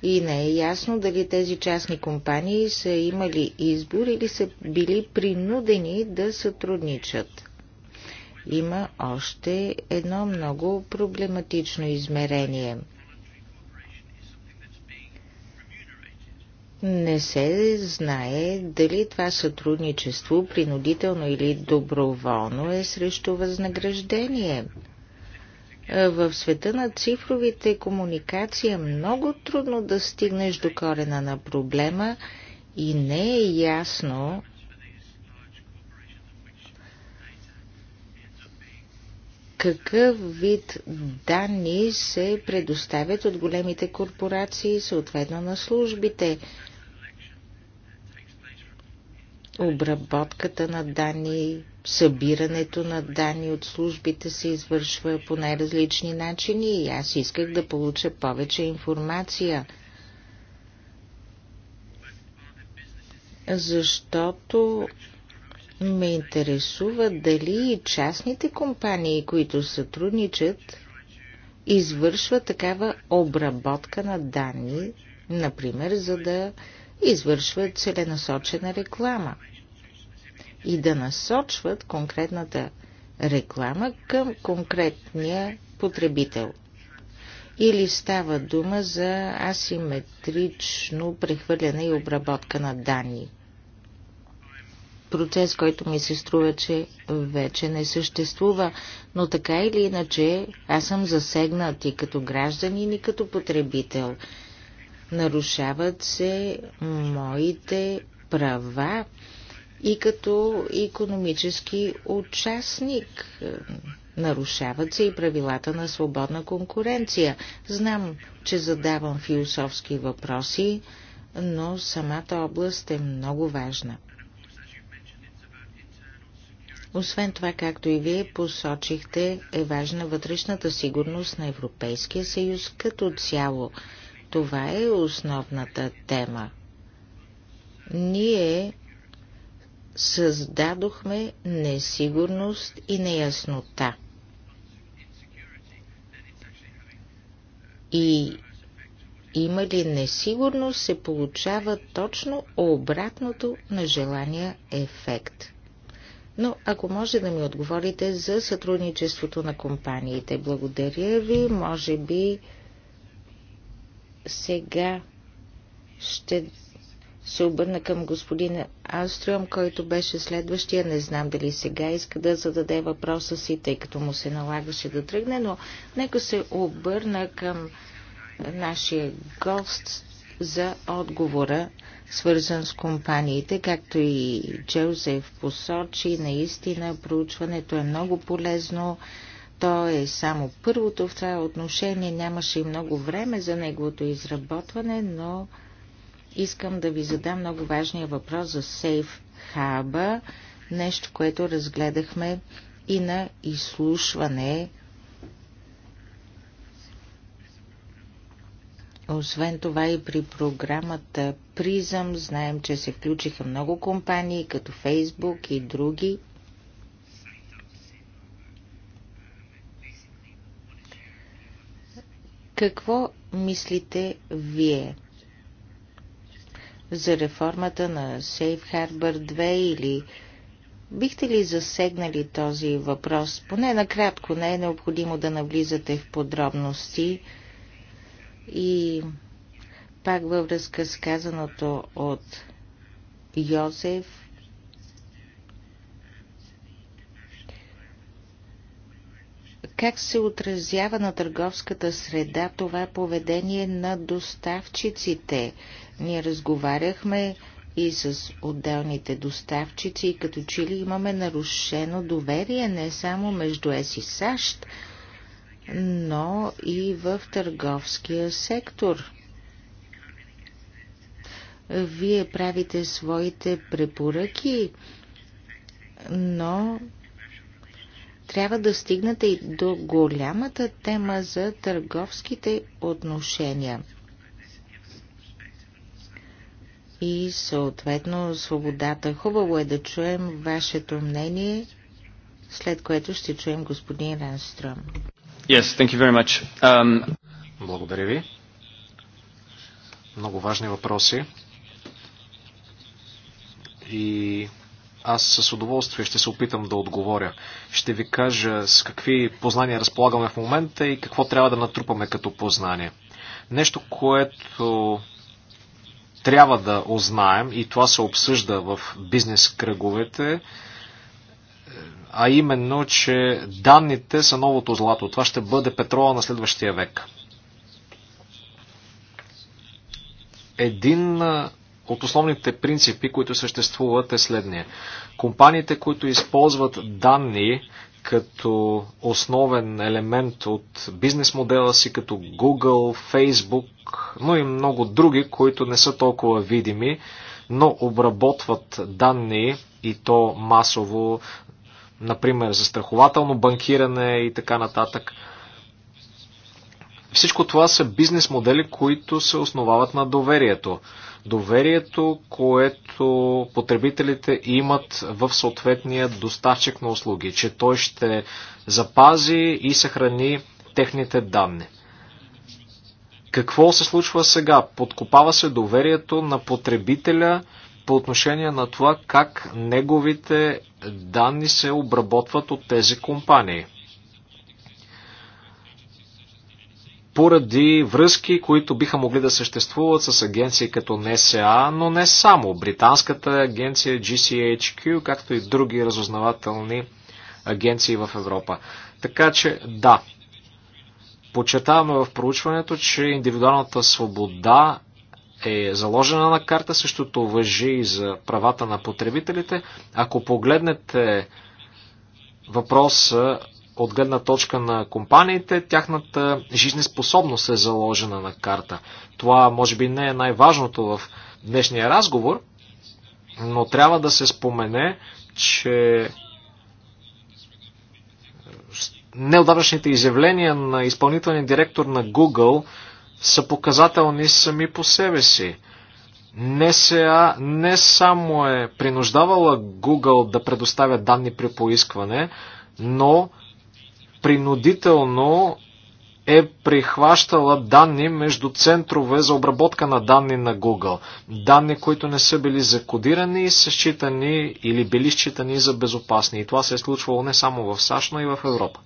И не е ясно дали тези частни компании са имали избор или са били принудени да сътрудничат има още едно много проблематично измерение. Не се знае дали това сътрудничество, принудително или доброволно, е срещу възнаграждение. В света на цифровите комуникации е много трудно да стигнеш до корена на проблема и не е ясно какъв вид данни се предоставят от големите корпорации, съответно на службите. Обработката на данни, събирането на данни от службите се извършва по най-различни начини и аз исках да получа повече информация. Защото ме интересува дали и частните компании, които сътрудничат, извършват такава обработка на данни, например, за да извършват целенасочена реклама и да насочват конкретната реклама към конкретния потребител. Или става дума за асиметрично прехвърляне и обработка на данни – процес, който ми се струва, че вече не съществува. Но така или иначе, аз съм засегнат и като гражданин, и като потребител. Нарушават се моите права и като економически участник. Нарушават се и правилата на свободна конкуренция. Знам, че задавам философски въпроси, но самата област е много важна. Освен това, както и вие посочихте, е важна вътрешната сигурност на Европейския съюз като цяло. Това е основната тема. Ние създадохме несигурност и неяснота. И има ли несигурност, се получава точно обратното на желания ефект – но ако може да ми отговорите за сътрудничеството на компаниите, благодаря ви. Може би сега ще се обърна към господин Алстрюм, който беше следващия. Не знам дали сега иска да зададе въпроса си, тъй като му се налагаше да тръгне, но нека се обърна към нашия гост за отговора, свързан с компаниите, както и Джозеф посочи. Наистина проучването е много полезно. То е само първото в това отношение. Нямаше и много време за неговото изработване, но искам да ви задам много важния въпрос за Safe Hub, нещо, което разгледахме и на изслушване Освен това и при програмата Призъм знаем, че се включиха много компании, като Фейсбук и други. Какво мислите вие за реформата на Safe Harbor 2 или бихте ли засегнали този въпрос? Поне накратко, не е необходимо да навлизате в подробности. И пак във връзка с казаното от Йозеф, как се отразява на търговската среда това поведение на доставчиците? Ние разговаряхме и с отделните доставчици, и като че ли имаме нарушено доверие не само между ЕС и САЩ, но и в търговския сектор. Вие правите своите препоръки, но трябва да стигнете и до голямата тема за търговските отношения. И съответно свободата. Хубаво е да чуем вашето мнение, след което ще чуем господин Ранстром. Yes, thank you very much. Um... Благодаря ви. Много важни въпроси. И аз с удоволствие ще се опитам да отговоря. Ще ви кажа с какви познания разполагаме в момента и какво трябва да натрупаме като познание. Нещо, което трябва да узнаем и това се обсъжда в бизнес кръговете, а именно, че данните са новото злато. Това ще бъде петрола на следващия век. Един от основните принципи, които съществуват е следния. Компаниите, които използват данни като основен елемент от бизнес модела си, като Google, Facebook, но и много други, които не са толкова видими, но обработват данни и то масово например, застрахователно банкиране и така нататък. Всичко това са бизнес модели, които се основават на доверието. Доверието, което потребителите имат в съответния доставчик на услуги, че той ще запази и съхрани техните данни. Какво се случва сега? Подкопава се доверието на потребителя по отношение на това как неговите данни се обработват от тези компании. Поради връзки, които биха могли да съществуват с агенции като НСА, но не само. Британската агенция GCHQ, както и други разузнавателни агенции в Европа. Така че, да, Подчертаваме в проучването, че индивидуалната свобода е заложена на карта, същото въжи и за правата на потребителите. Ако погледнете въпроса от гледна точка на компаниите, тяхната жизнеспособност е заложена на карта. Това може би не е най-важното в днешния разговор, но трябва да се спомене, че неудавнашните изявления на изпълнителния директор на Google – са показателни сами по себе си. НСА не само е принуждавала Google да предоставя данни при поискване, но принудително е прихващала данни между центрове за обработка на данни на Google. Данни, които не са били закодирани, са считани или били считани за безопасни. И това се е случвало не само в САЩ, но и в Европа.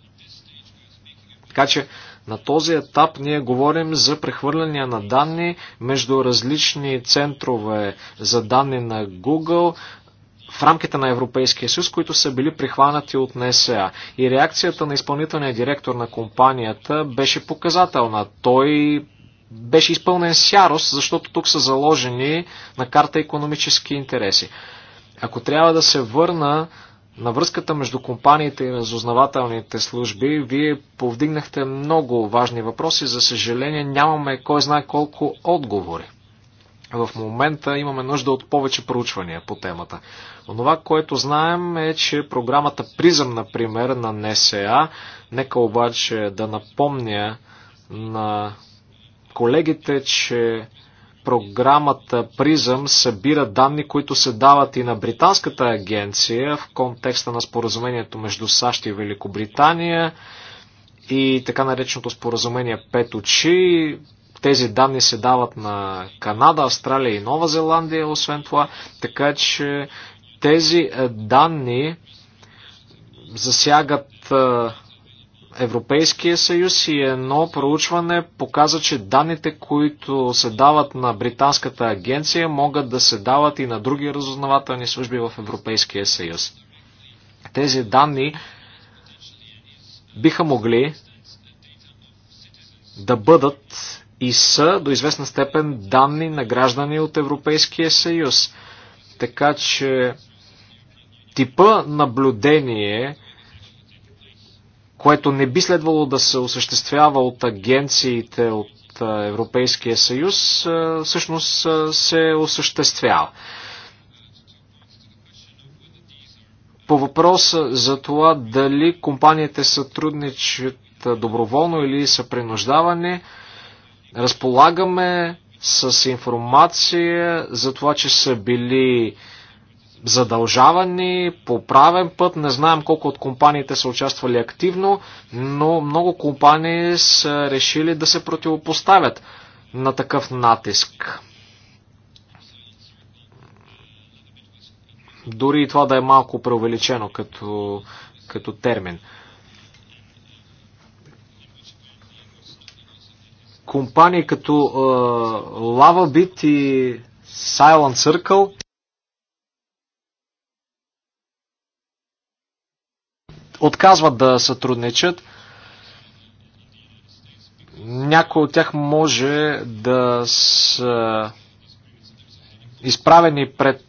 Така че на този етап ние говорим за прехвърляния на данни между различни центрове за данни на Google в рамките на Европейския съюз, които са били прихванати от НСА. И реакцията на изпълнителния директор на компанията беше показателна. Той беше изпълнен с ярост, защото тук са заложени на карта економически интереси. Ако трябва да се върна на връзката между компаниите и разузнавателните служби, вие повдигнахте много важни въпроси. За съжаление, нямаме кой знае колко отговори. В момента имаме нужда от повече проучвания по темата. Онова, което знаем е, че програмата Призъм, например, на НСА, нека обаче да напомня на колегите, че програмата Призъм събира данни, които се дават и на Британската агенция в контекста на споразумението между САЩ и Великобритания и така нареченото споразумение Пет очи. Тези данни се дават на Канада, Австралия и Нова Зеландия, освен това. Така че тези е, данни засягат е, Европейския съюз и едно проучване показа, че данните, които се дават на британската агенция, могат да се дават и на други разузнавателни служби в Европейския съюз. Тези данни биха могли да бъдат и са до известна степен данни на граждани от Европейския съюз. Така че типа наблюдение, което не би следвало да се осъществява от агенциите от Европейския съюз, всъщност се осъществява. По въпроса за това дали компаниите сътрудничат доброволно или са принуждавани, разполагаме с информация за това, че са били задължавани по правен път. Не знаем колко от компаниите са участвали активно, но много компании са решили да се противопоставят на такъв натиск. Дори и това да е малко преувеличено като, като термин. Компании като uh, LavaBit и Silent Circle отказват да сътрудничат. Някои от тях може да са изправени пред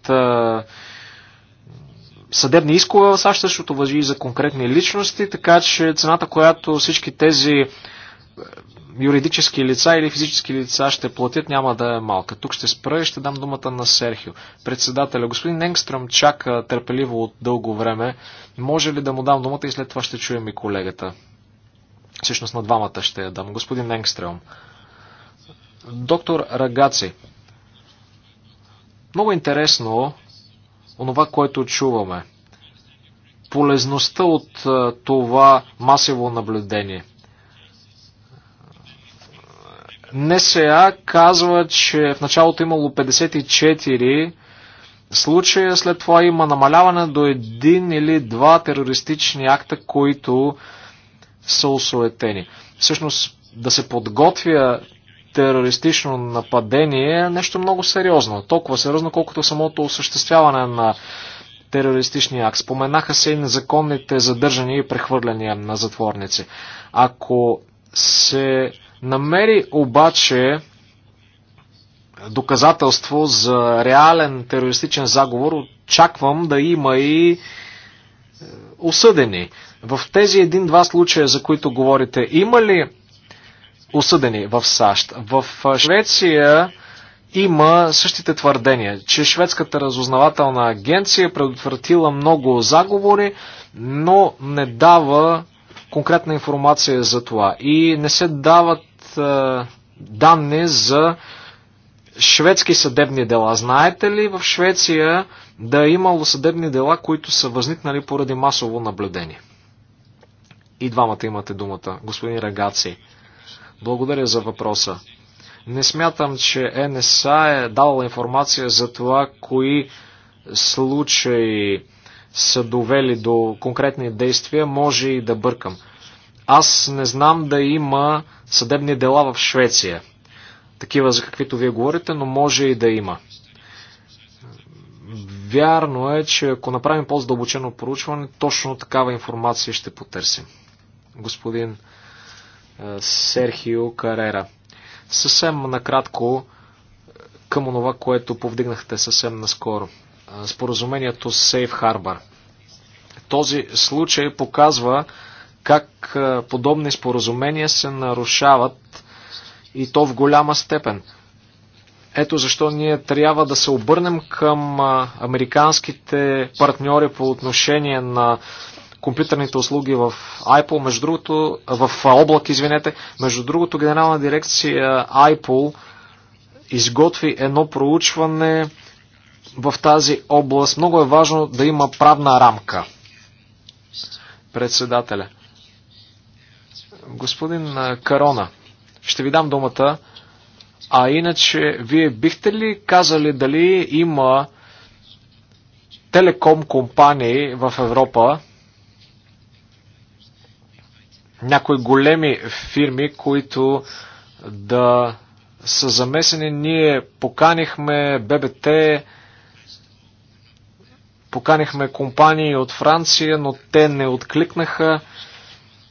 съдебни искове в САЩ, същото въжи и за конкретни личности, така че цената, която всички тези юридически лица или физически лица ще платят, няма да е малка. Тук ще спра и ще дам думата на Серхио. Председателя, господин Енгстрам чака търпеливо от дълго време. Може ли да му дам думата и след това ще чуем и колегата? Всъщност на двамата ще я дам. Господин Енгстрам. Доктор Рагаци. Много интересно онова, което чуваме. Полезността от това масово наблюдение – НСА казва, че в началото имало 54 случая, след това има намаляване до един или два терористични акта, които са осуетени. Всъщност да се подготвя терористично нападение е нещо много сериозно. Толкова сериозно, колкото самото осъществяване на терористичния акт. Споменаха се и незаконните задържания и прехвърляния на затворници. Ако се намери обаче доказателство за реален терористичен заговор, очаквам да има и е, осъдени. В тези един-два случая, за които говорите, има ли осъдени в САЩ? В е, Швеция има същите твърдения, че шведската разузнавателна агенция предотвратила много заговори, но не дава конкретна информация за това и не се дават е, данни за шведски съдебни дела. Знаете ли в Швеция да е имало съдебни дела, които са възникнали поради масово наблюдение? И двамата имате думата, господин Рагаци. Благодаря за въпроса. Не смятам, че НСА е давала информация за това, кои случаи са довели до конкретни действия, може и да бъркам. Аз не знам да има съдебни дела в Швеция. Такива, за каквито вие говорите, но може и да има. Вярно е, че ако направим по-задълбочено проучване, точно такава информация ще потърсим. Господин е, Серхио Карера. Съвсем накратко е, към онова, което повдигнахте съвсем наскоро. Е, споразумението Safe Harbor. Този случай показва как подобни споразумения се нарушават и то в голяма степен. Ето защо ние трябва да се обърнем към американските партньори по отношение на компютърните услуги в Apple, между другото, в облак, извинете. Между другото, генерална дирекция Apple изготви едно проучване в тази област. Много е важно да има правна рамка. Председателя. Господин Карона, ще ви дам думата. А иначе, вие бихте ли казали дали има телеком компании в Европа, някои големи фирми, които да са замесени. Ние поканихме ББТ, поканихме компании от Франция, но те не откликнаха.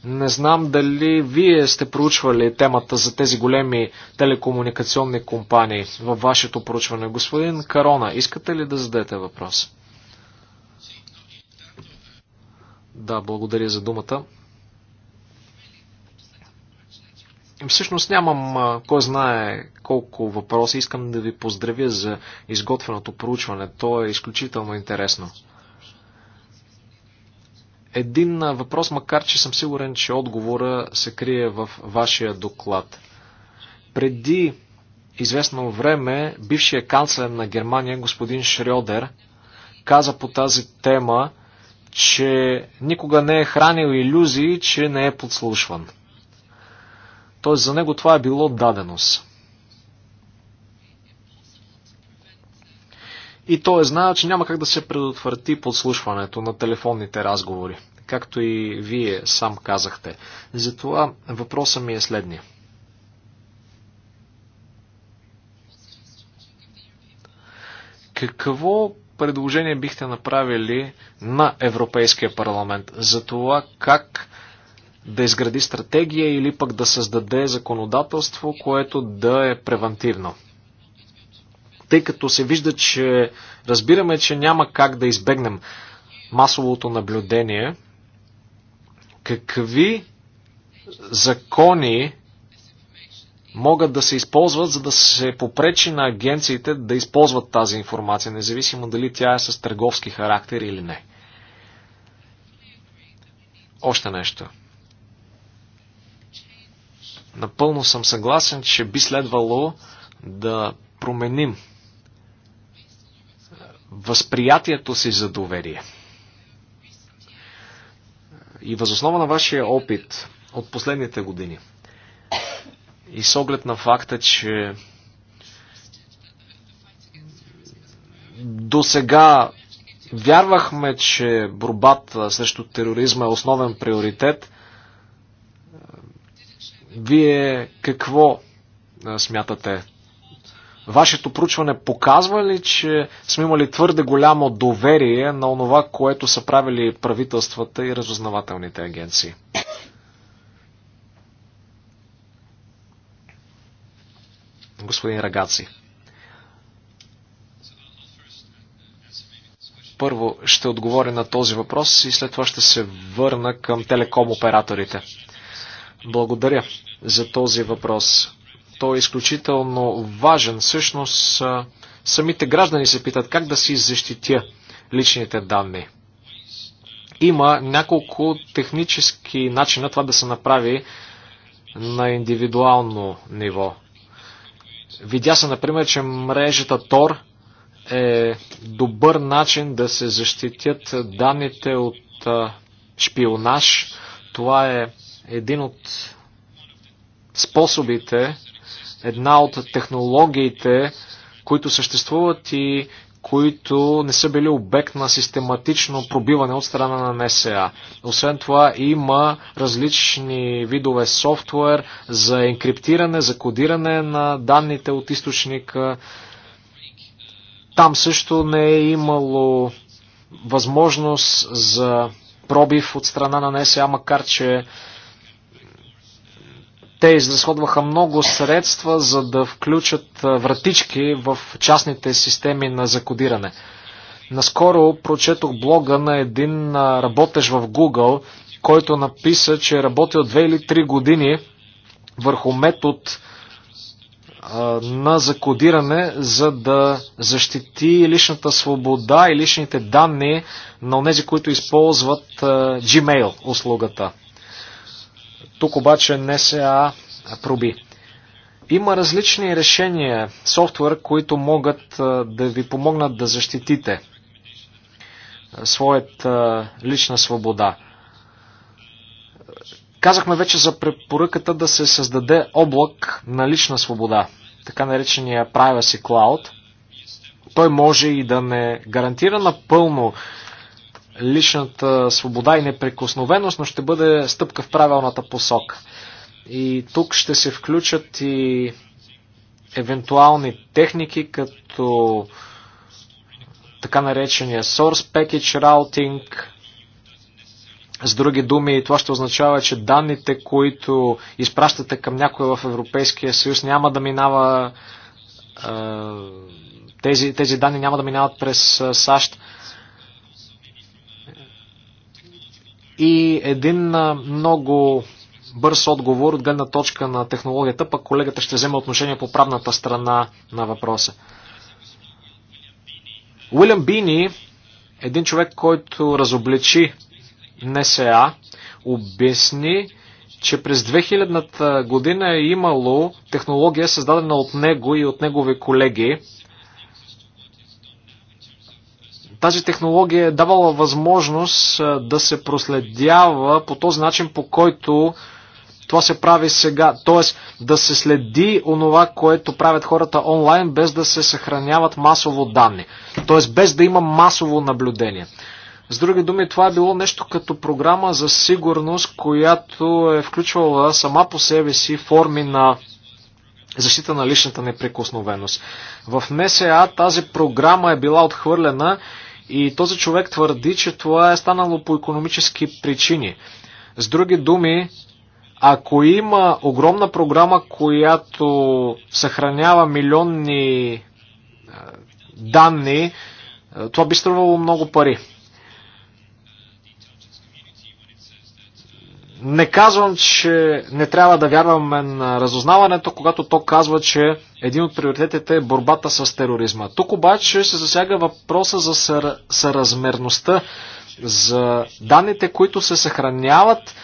Не знам дали вие сте проучвали темата за тези големи телекомуникационни компании във вашето проучване. Господин Карона, искате ли да зададете въпрос? Да, благодаря за думата. Всъщност нямам кой знае колко въпроси. Искам да ви поздравя за изготвеното проучване. То е изключително интересно един въпрос, макар че съм сигурен, че отговора се крие в вашия доклад. Преди известно време бившия канцлер на Германия, господин Шрьодер, каза по тази тема, че никога не е хранил иллюзии, че не е подслушван. Тоест за него това е било даденост. И той е знае, че няма как да се предотврати подслушването на телефонните разговори, както и вие сам казахте. Затова въпросът ми е следния. Какво предложение бихте направили на Европейския парламент за това как да изгради стратегия или пък да създаде законодателство, което да е превентивно? тъй като се вижда, че разбираме, че няма как да избегнем масовото наблюдение, какви закони могат да се използват, за да се попречи на агенциите да използват тази информация, независимо дали тя е с търговски характер или не. Още нещо. Напълно съм съгласен, че би следвало да променим възприятието си за доверие. И възоснова на вашия опит от последните години и с оглед на факта, че до сега вярвахме, че борбата срещу тероризма е основен приоритет, вие какво смятате Вашето проучване показва ли, че сме имали твърде голямо доверие на онова, което са правили правителствата и разузнавателните агенции? Господин Рагаци. Първо ще отговоря на този въпрос и след това ще се върна към телеком операторите. Благодаря за този въпрос. Той е изключително важен. Всъщност, самите граждани се питат как да си защитя личните данни. Има няколко технически начина това да се направи на индивидуално ниво. Видя се, например, че мрежата Тор е добър начин да се защитят данните от шпионаж. Това е един от способите една от технологиите, които съществуват и които не са били обект на систематично пробиване от страна на НСА. Освен това има различни видове софтуер за енкриптиране, за кодиране на данните от източника. Там също не е имало възможност за пробив от страна на НСА, макар че те изразходваха много средства, за да включат вратички в частните системи на закодиране. Наскоро прочетох блога на един работещ в Google, който написа, че е работил 2 или 3 години върху метод на закодиране, за да защити личната свобода и личните данни на тези, които използват Gmail услугата. Тук обаче не а проби. Има различни решения, софтуер, които могат да ви помогнат да защитите своята лична свобода. Казахме вече за препоръката да се създаде облак на лична свобода, така наречения Privacy Cloud. Той може и да не гарантира напълно личната свобода и неприкосновеност, но ще бъде стъпка в правилната посока. И тук ще се включат и евентуални техники, като така наречения Source Package Routing. С други думи, това ще означава, че данните, които изпращате към някой в Европейския съюз, няма да минава тези, тези данни няма да минават през САЩ. И един много бърз отговор от гледна точка на технологията, пък колегата ще вземе отношение по правната страна на въпроса. Уилям Бини, един човек, който разобличи НСА, обясни, че през 2000-та година е имало технология, създадена от него и от негови колеги, тази технология е давала възможност да се проследява по този начин, по който това се прави сега. Тоест да се следи онова, което правят хората онлайн, без да се съхраняват масово данни. Тоест без да има масово наблюдение. С други думи, това е било нещо като програма за сигурност, която е включвала сама по себе си форми на защита на личната неприкосновеност. В НСА тази програма е била отхвърлена и този човек твърди, че това е станало по економически причини. С други думи, ако има огромна програма, която съхранява милионни данни, това би струвало много пари. Не казвам, че не трябва да вярваме на разузнаването, когато то казва, че един от приоритетите е борбата с тероризма. Тук обаче се засяга въпроса за съразмерността, за данните, които се съхраняват,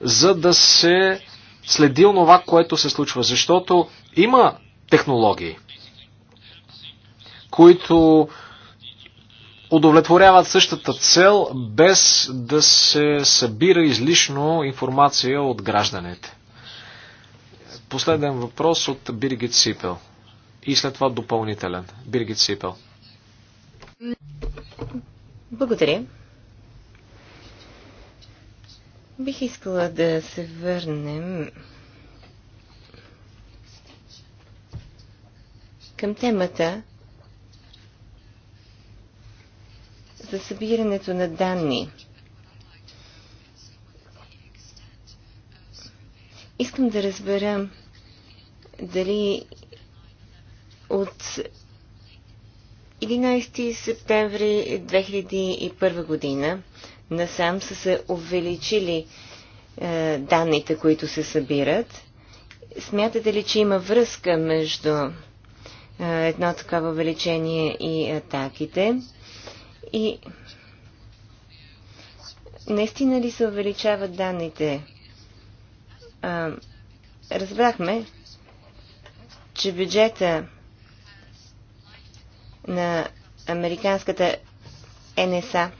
за да се следи онова, което се случва. Защото има технологии, които удовлетворяват същата цел, без да се събира излишно информация от гражданите. Последен въпрос от Биргит Сипел. И след това допълнителен. Биргит Сипел. Благодаря. Бих искала да се върнем към темата за събирането на данни. Искам да разбера дали от 11 септември 2001 година насам са се увеличили е, данните, които се събират. Смятате ли, че има връзка между е, едно такова увеличение и атаките? И наистина ли се увеличават данните? А, разбрахме, че бюджета на американската НСА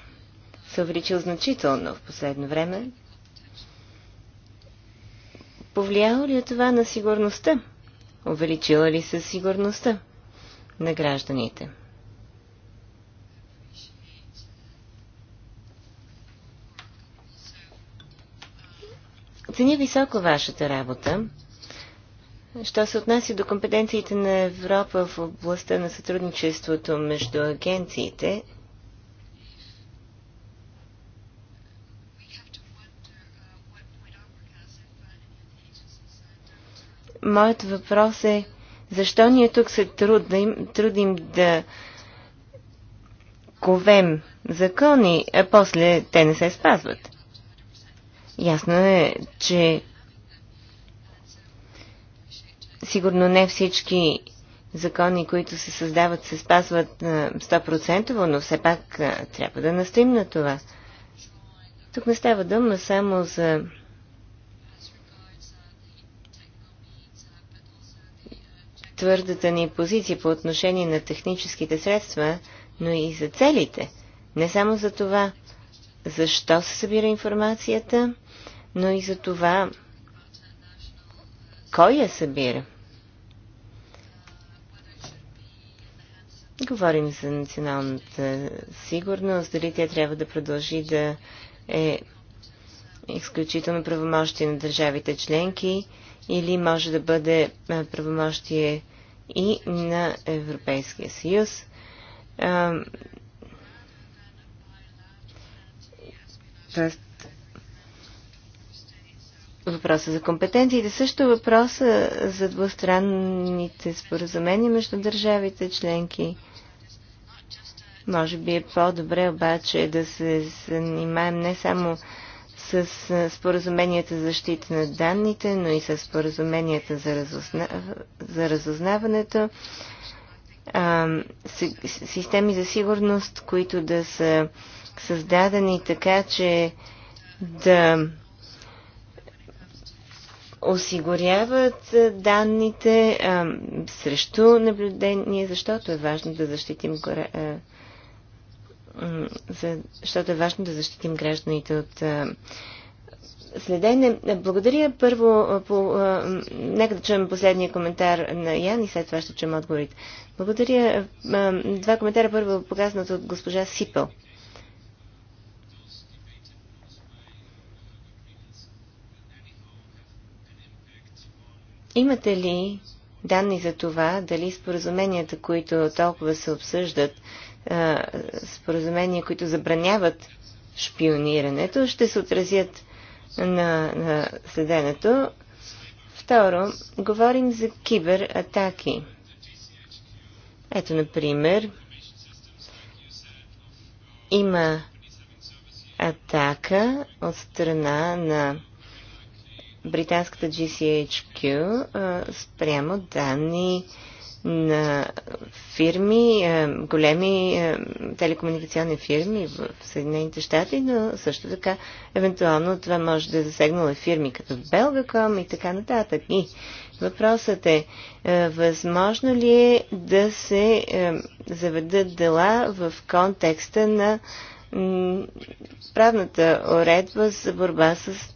се увеличил значително в последно време. Повлияло ли е това на сигурността? Увеличила ли се сигурността на гражданите? Оценя високо вашата работа. Що се отнася до компетенциите на Европа в областта на сътрудничеството между агенциите, моят въпрос е защо ние тук се трудим, трудим да ковем закони, а после те не се спазват? Ясно е, че сигурно не всички закони, които се създават, се спазват 100%, но все пак трябва да настоим на това. Тук не става дума само за твърдата ни позиция по отношение на техническите средства, но и за целите. Не само за това, защо се събира информацията, но и за това кой я събира. Говорим за националната сигурност, дали тя трябва да продължи да е изключително правомощие на държавите членки или може да бъде правомощие и на Европейския съюз. Тоест, въпроса за компетенциите, също въпроса за двустранните споразумения между държавите членки. Може би е по-добре обаче да се занимаем не само с споразуменията за защита на данните, но и с споразуменията за, разузна... за разузнаването, а, с... системи за сигурност, които да са създадени така, че да осигуряват данните а, срещу наблюдение, защото е важно да защитим а, за, защото е важно да защитим гражданите от а, следене. Благодаря първо по... А, нека да чуем последния коментар на Ян и след това ще чуем отговорите. Благодаря. А, два коментара. Първо показаното от госпожа Сипел. Имате ли данни за това, дали споразуменията, които толкова се обсъждат, споразумения, които забраняват шпионирането, ще се отразят на, на следенето. Второ, говорим за кибератаки. Ето, например, има атака от страна на британската GCHQ спрямо данни на фирми, големи телекомуникационни фирми в Съединените щати, но също така, евентуално това може да е засегнало фирми като Belgacom и така нататък. И въпросът е, възможно ли е да се заведат дела в контекста на правната уредба за борба с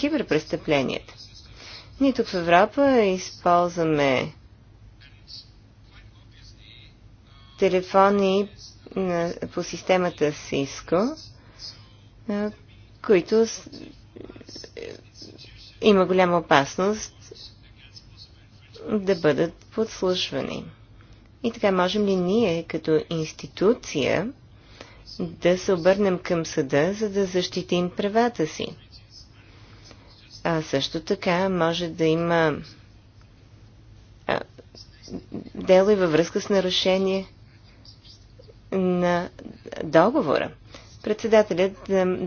киберпрестъпленията. Ние тук в Европа използваме телефони по системата Cisco, които е, има голяма опасност да бъдат подслушвани. И така, можем ли ние като институция да се обърнем към съда, за да защитим правата си? А също така може да има а, дело и във връзка с нарушение на договора. Председателят,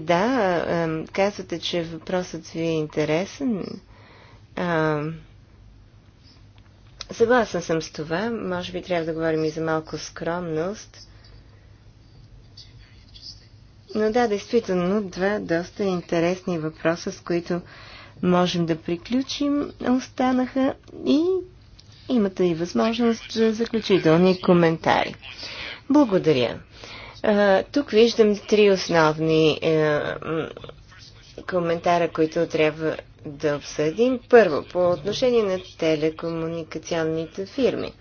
да, казвате, че въпросът ви е интересен. А, съгласна съм с това. Може би трябва да говорим и за малко скромност. Но да, действително, два доста интересни въпроса, с които можем да приключим. Останаха и имате и възможност за заключителни коментари. Благодаря. Тук виждам три основни е, коментара, които трябва да обсъдим. Първо, по отношение на телекомуникационните фирми.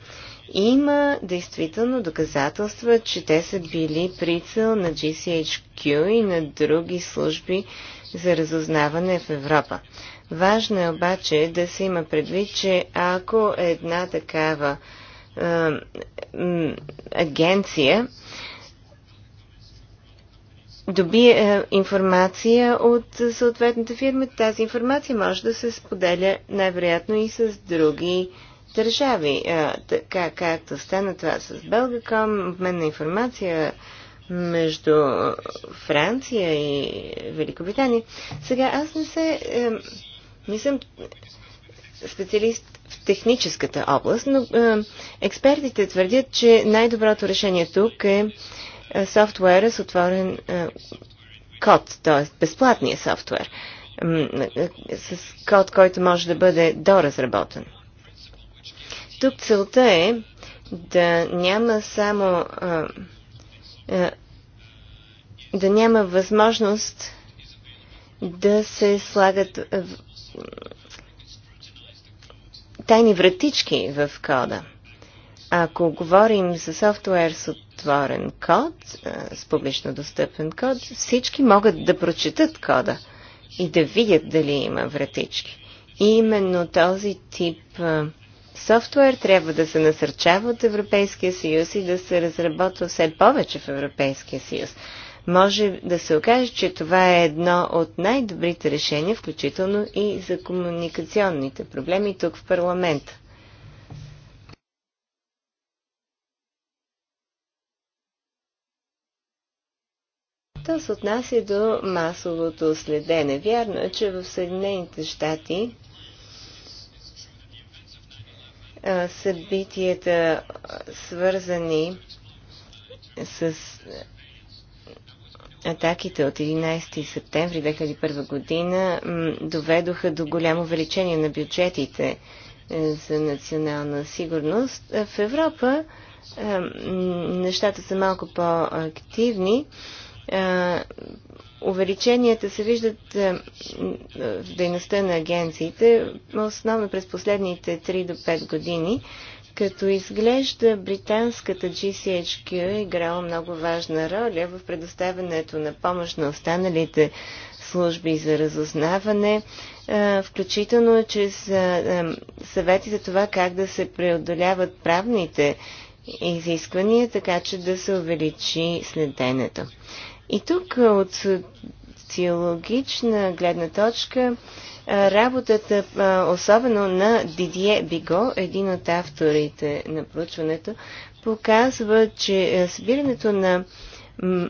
Има действително доказателства, че те са били прицел на GCHQ и на други служби за разузнаване в Европа. Важно е обаче да се има предвид, че ако една такава е, агенция добие информация от съответната фирма, тази информация може да се споделя най-вероятно и с други държави, така както стана това с Белгаком, обмен на информация между Франция и Великобритания. Сега аз не се... Е, не съм специалист в техническата област, но е, експертите твърдят, че най-доброто решение тук е, е софтуера с отворен е, код, т.е. безплатния софтуер, е, е, с код, който може да бъде доразработен. Тук целта е да няма само да няма възможност да се слагат тайни вратички в кода. Ако говорим за софтуер с отворен код, с публично достъпен код, всички могат да прочетат кода и да видят дали има вратички. И именно този тип а, софтуер трябва да се насърчава от Европейския съюз и да се разработва все повече в Европейския съюз. Може да се окаже, че това е едно от най-добрите решения, включително и за комуникационните проблеми тук в парламента. То се отнася до масовото следене. Вярно е, че в Съединените щати събитията, свързани с атаките от 11 септември 2001 година, доведоха до голямо увеличение на бюджетите е, за национална сигурност. В Европа нещата са малко по-активни. Увеличенията се виждат е, е, в дейността на агенциите, основно през последните 3 до 5 години, като изглежда британската GCHQ е играла много важна роля в предоставянето на помощ на останалите служби за разузнаване, е, включително чрез съвети за това как да се преодоляват правните изисквания, така че да се увеличи следенето. И тук от социологична гледна точка работата, особено на Дидие Биго, един от авторите на проучването, показва, че събирането на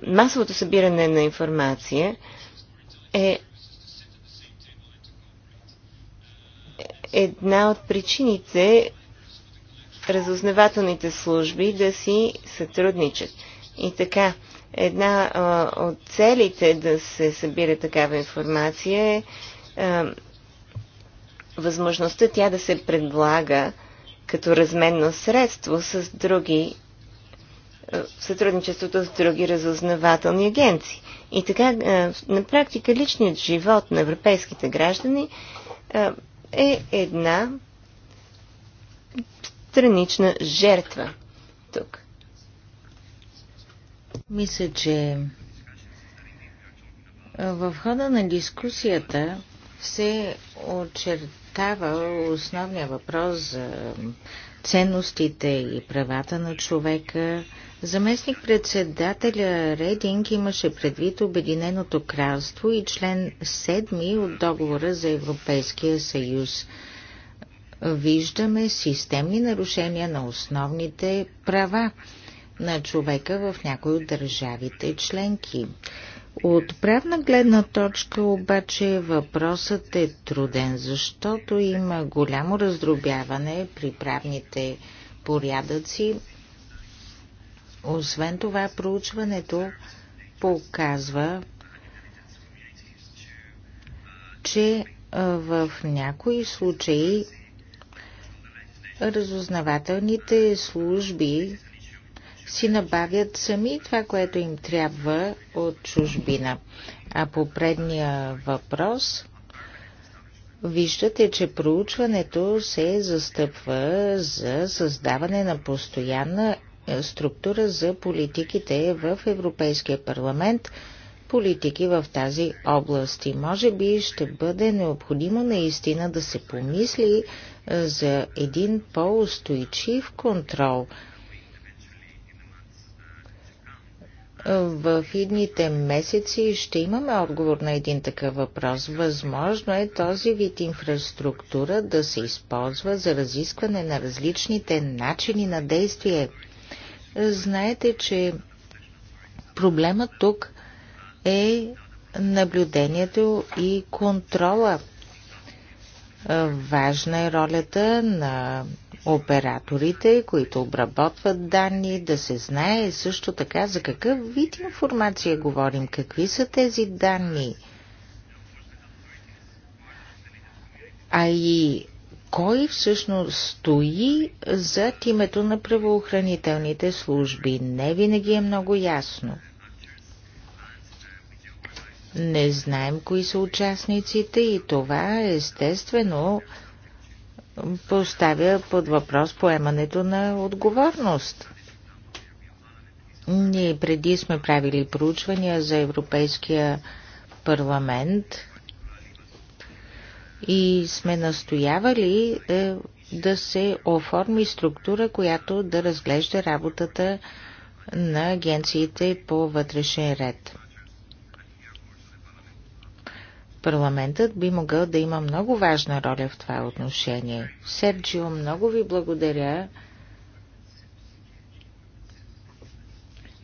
масовото събиране на информация е една от причините разузнавателните служби да си сътрудничат. И така, Една а, от целите да се събира такава информация е а, възможността тя да се предлага като разменно средство с други в сътрудничеството с други разузнавателни агенции. И така, на практика, личният живот на европейските граждани е една странична жертва тук. Мисля, че в хода на дискусията се очертава основния въпрос за ценностите и правата на човека. Заместник председателя Рединг имаше предвид Обединеното кралство и член 7 от договора за Европейския съюз. Виждаме системни нарушения на основните права на човека в някои от държавите членки. От правна гледна точка обаче въпросът е труден, защото има голямо раздробяване при правните порядъци. Освен това, проучването показва, че в някои случаи разузнавателните служби си набавят сами това, което им трябва от чужбина. А по предния въпрос виждате, че проучването се застъпва за създаване на постоянна е, структура за политиките в Европейския парламент, политики в тази област. И може би ще бъде необходимо наистина да се помисли е, за един по-устойчив контрол – в идните месеци ще имаме отговор на един такъв въпрос. Възможно е този вид инфраструктура да се използва за разискване на различните начини на действие. Знаете, че проблема тук е наблюдението и контрола. Важна е ролята на операторите, които обработват данни, да се знае също така за какъв вид информация говорим, какви са тези данни, а и кой всъщност стои зад името на правоохранителните служби. Не винаги е много ясно. Не знаем кои са участниците и това естествено поставя под въпрос поемането на отговорност. Ние преди сме правили проучвания за Европейския парламент и сме настоявали е, да се оформи структура, която да разглежда работата на агенциите по вътрешен ред. Парламентът би могъл да има много важна роля в това отношение. Серджио, много ви благодаря.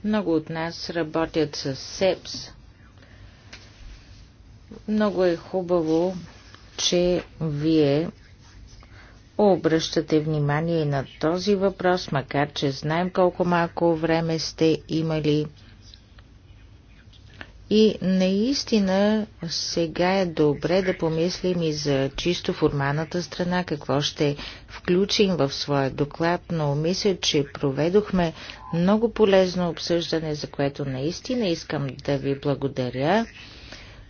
Много от нас работят с СЕПС. Много е хубаво, че вие обръщате внимание на този въпрос, макар че знаем колко малко време сте имали. И наистина сега е добре да помислим и за чисто формалната страна, какво ще включим в своя доклад, но мисля, че проведохме много полезно обсъждане, за което наистина искам да ви благодаря.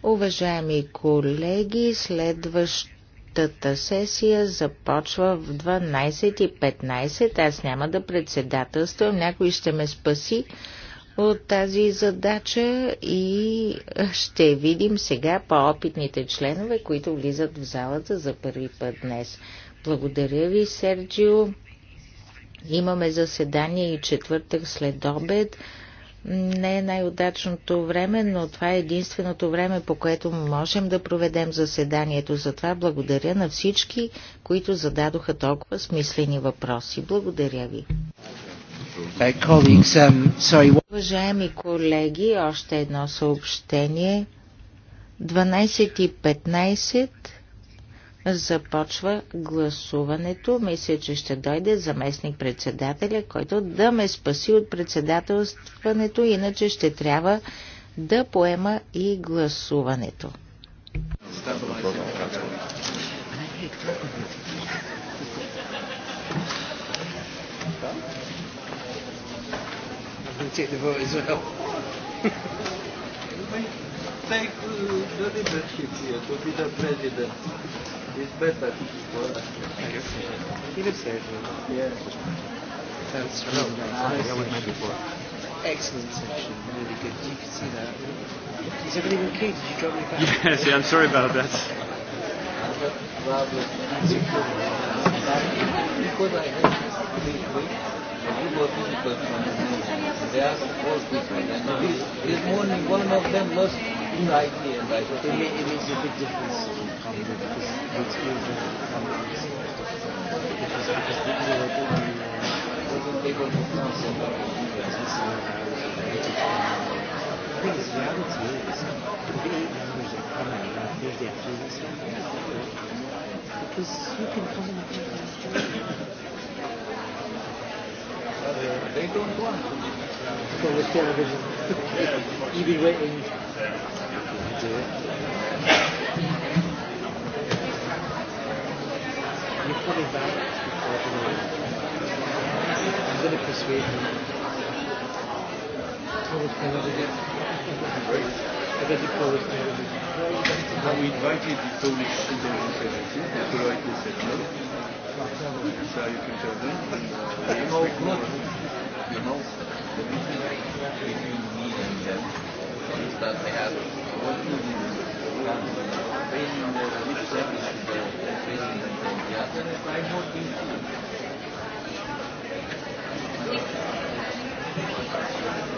Уважаеми колеги, следващата сесия започва в 12.15. Аз няма да председателствам, някой ще ме спаси от тази задача и ще видим сега по-опитните членове, които влизат в залата за първи път днес. Благодаря ви, Серджио. Имаме заседание и четвъртък след обед. Не е най-удачното време, но това е единственото време, по което можем да проведем заседанието. Затова благодаря на всички, които зададоха толкова смислени въпроси. Благодаря ви. Uh, Уважаеми колеги, още едно съобщение. 12.15 започва гласуването. Мисля, че ще дойде заместник председателя, който да ме спаси от председателстването, иначе ще трябва да поема и гласуването. Стабила. take the vote as well. Take the leadership here to be the president. It's better for us. I He lives there. Yeah. That's really nice. Yeah, Excellent session, really good. You can see that. Is everything okay? Did you drop me back? Yes, yeah, I'm sorry about that. This They and this, this morning one of them lost his And I it, may, it makes a big difference you come here because the experience come here is the EU wasn't The thing reality is, the are coming, and Because you can come and they don't want to be for the television. You've been waiting. You're coming back before tonight. I'm going to persuade you. Thomas Kennedy. Avec du Thomas Kennedy. Ah oui, il va qu'il y ait So you can tell them. the difference between me and them is that they have one thing training the which service is the the other. I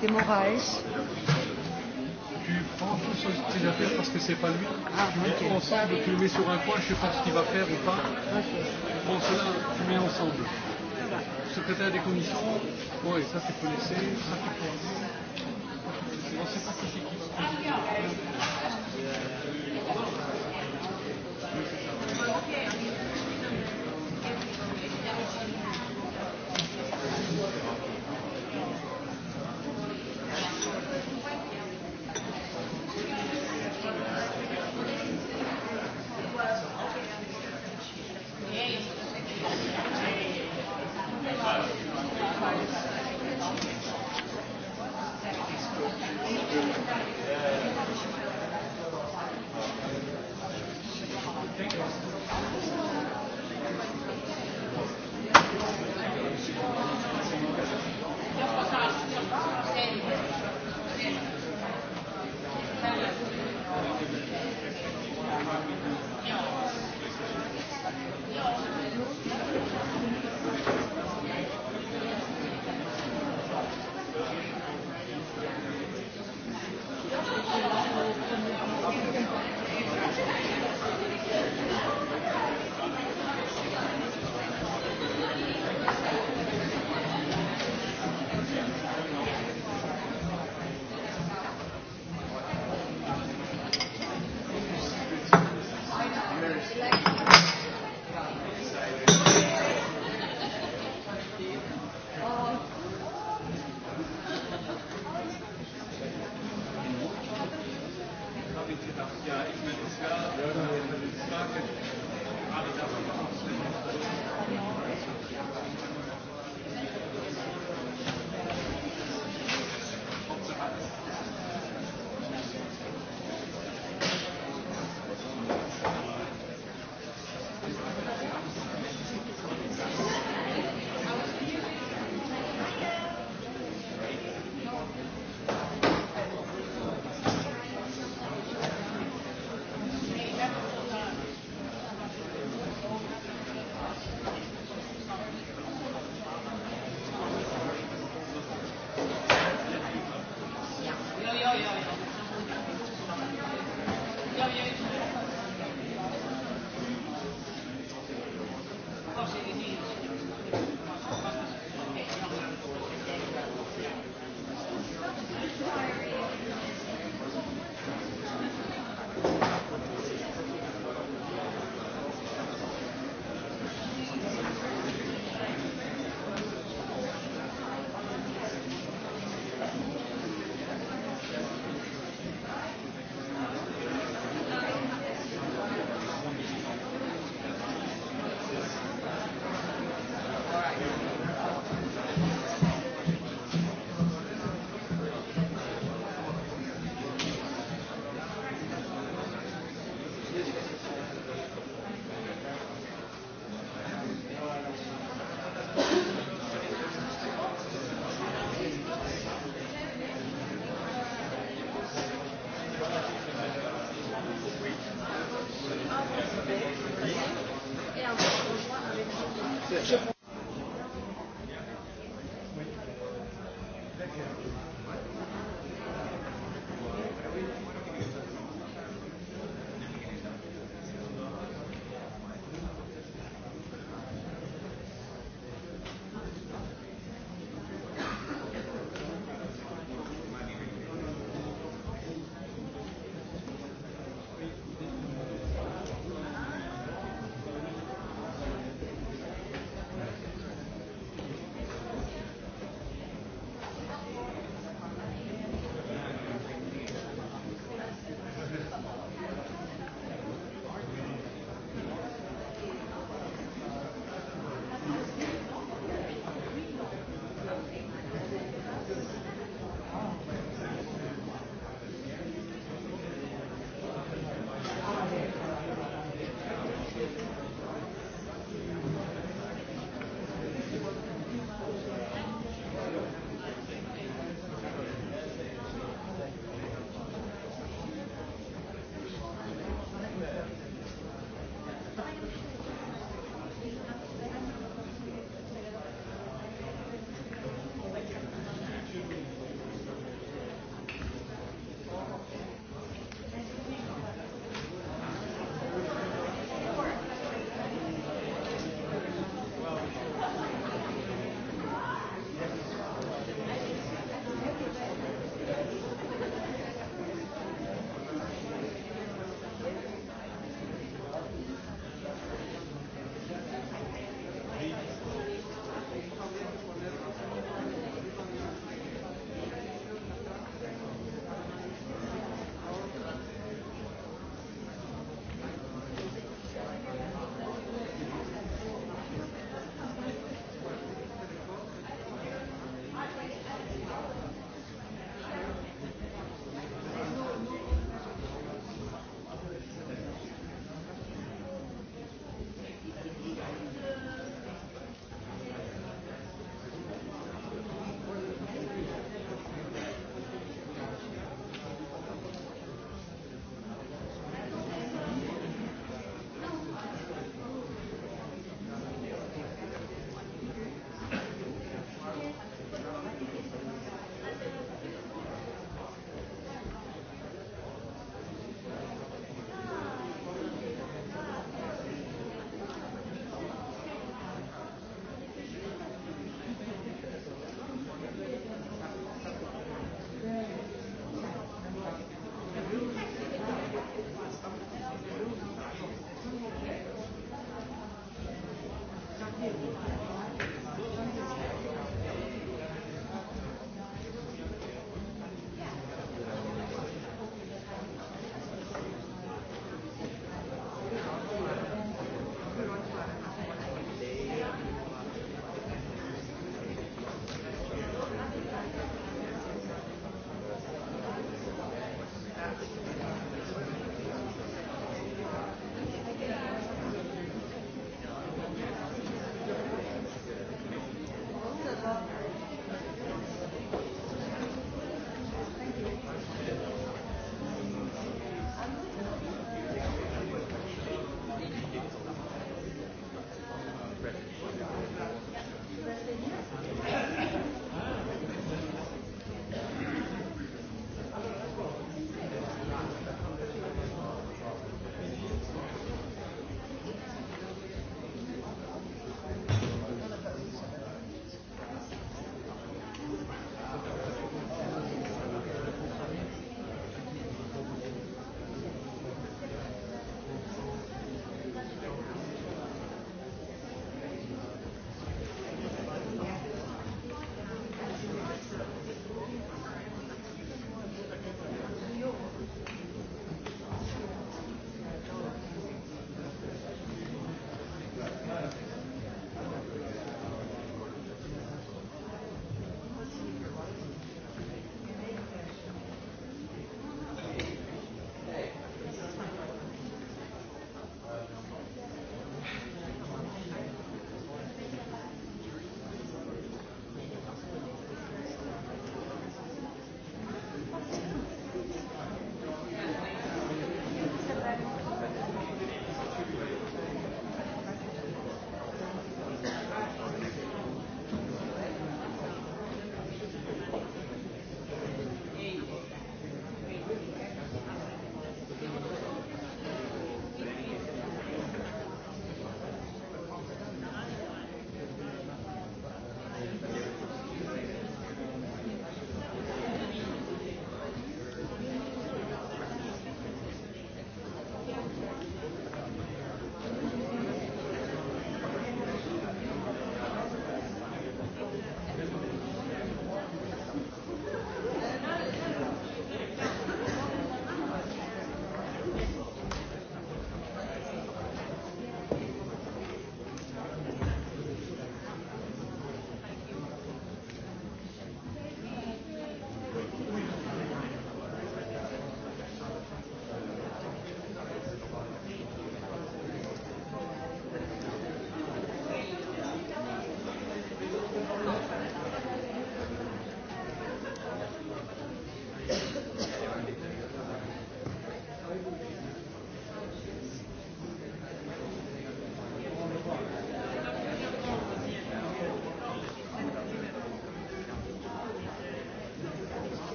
c'était Moraes. Tu prends tout ce ses affaires parce que c'est pas lui. Ah, okay. Ensemble, tu le mets sur un coin, je sais pas ce qu'il va faire ou pas. Okay. Prends cela, tu mets ensemble. Secrétaire des commissions, oui ça tu peux laisser, ça tu peux laisser. On sait pas qui c'est qui.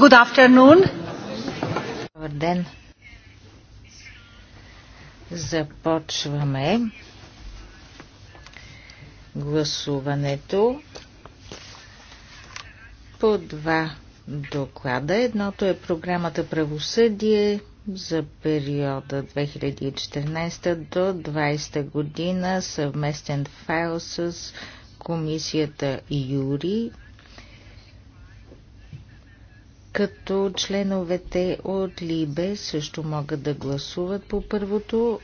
Good afternoon. Добър ден. Започваме гласуването по два доклада. Едното е програмата Правосъдие за периода 2014 до 2020 година съвместен файл с комисията Юри като членовете от Либе също могат да гласуват по първото,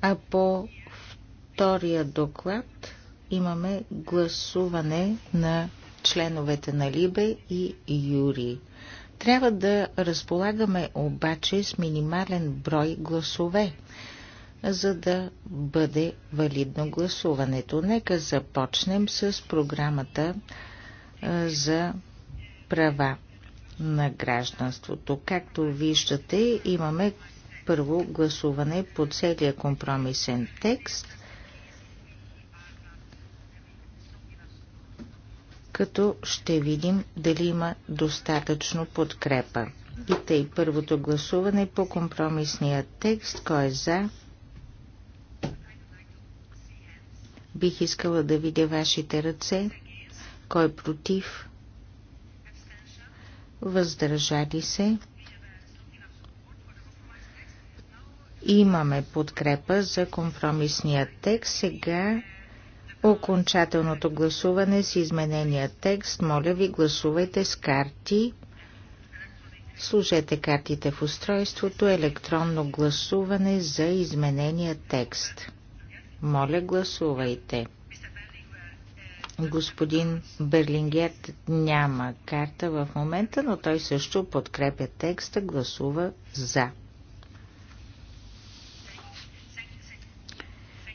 а по втория доклад имаме гласуване на членовете на Либе и Юри. Трябва да разполагаме обаче с минимален брой гласове, за да бъде валидно гласуването. Нека започнем с програмата за права на гражданството. Както виждате, имаме първо гласуване по целия компромисен текст, като ще видим дали има достатъчно подкрепа. И тъй първото гласуване по компромисния текст, кой е за? Бих искала да видя вашите ръце. Кой е против? Въздържали се? Имаме подкрепа за компромисния текст. Сега окончателното гласуване с изменения текст. Моля ви, гласувайте с карти. Служете картите в устройството електронно гласуване за изменения текст. Моля, гласувайте. Господин Берлингет няма карта в момента, но той също подкрепя текста, гласува за.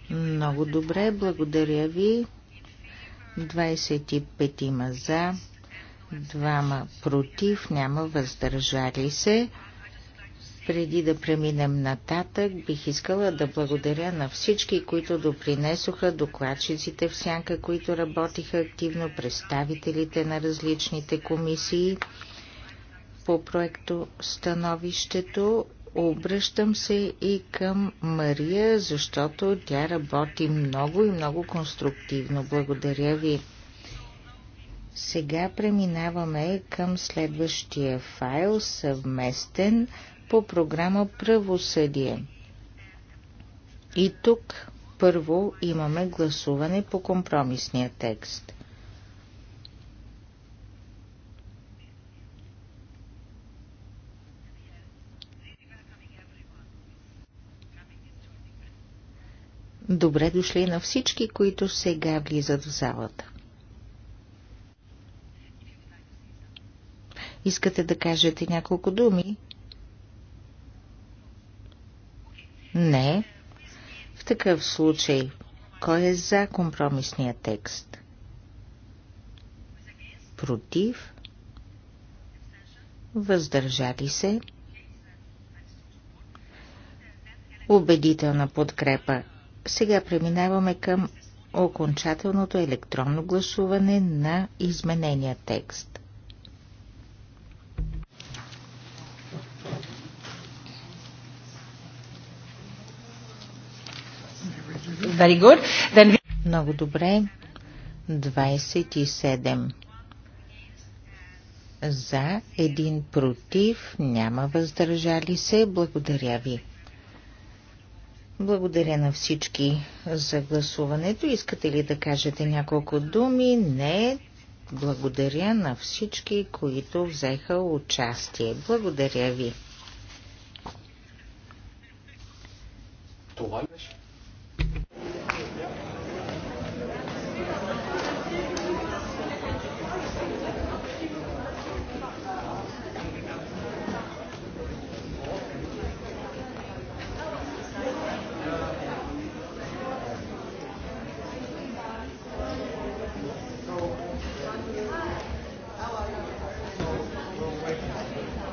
Много добре, благодаря ви. 25 има за, 2 против, няма въздържали се. Преди да преминем нататък, бих искала да благодаря на всички, които допринесоха, докладчиците в сянка, които работиха активно, представителите на различните комисии по проекто Становището. Обръщам се и към Мария, защото тя работи много и много конструктивно. Благодаря ви. Сега преминаваме към следващия файл съвместен по програма Правосъдие. И тук първо имаме гласуване по компромисния текст. Добре дошли на всички, които сега влизат в залата. Искате да кажете няколко думи? Не. В такъв случай, кой е за компромисния текст? Против? Въздържали се? Убедителна подкрепа. Сега преминаваме към окончателното електронно гласуване на изменения текст. Very good. Then we... Много добре. 27 за, един против, няма въздържали се. Благодаря ви. Благодаря на всички за гласуването. Искате ли да кажете няколко думи? Не. Благодаря на всички, които взеха участие. Благодаря ви. Това беше.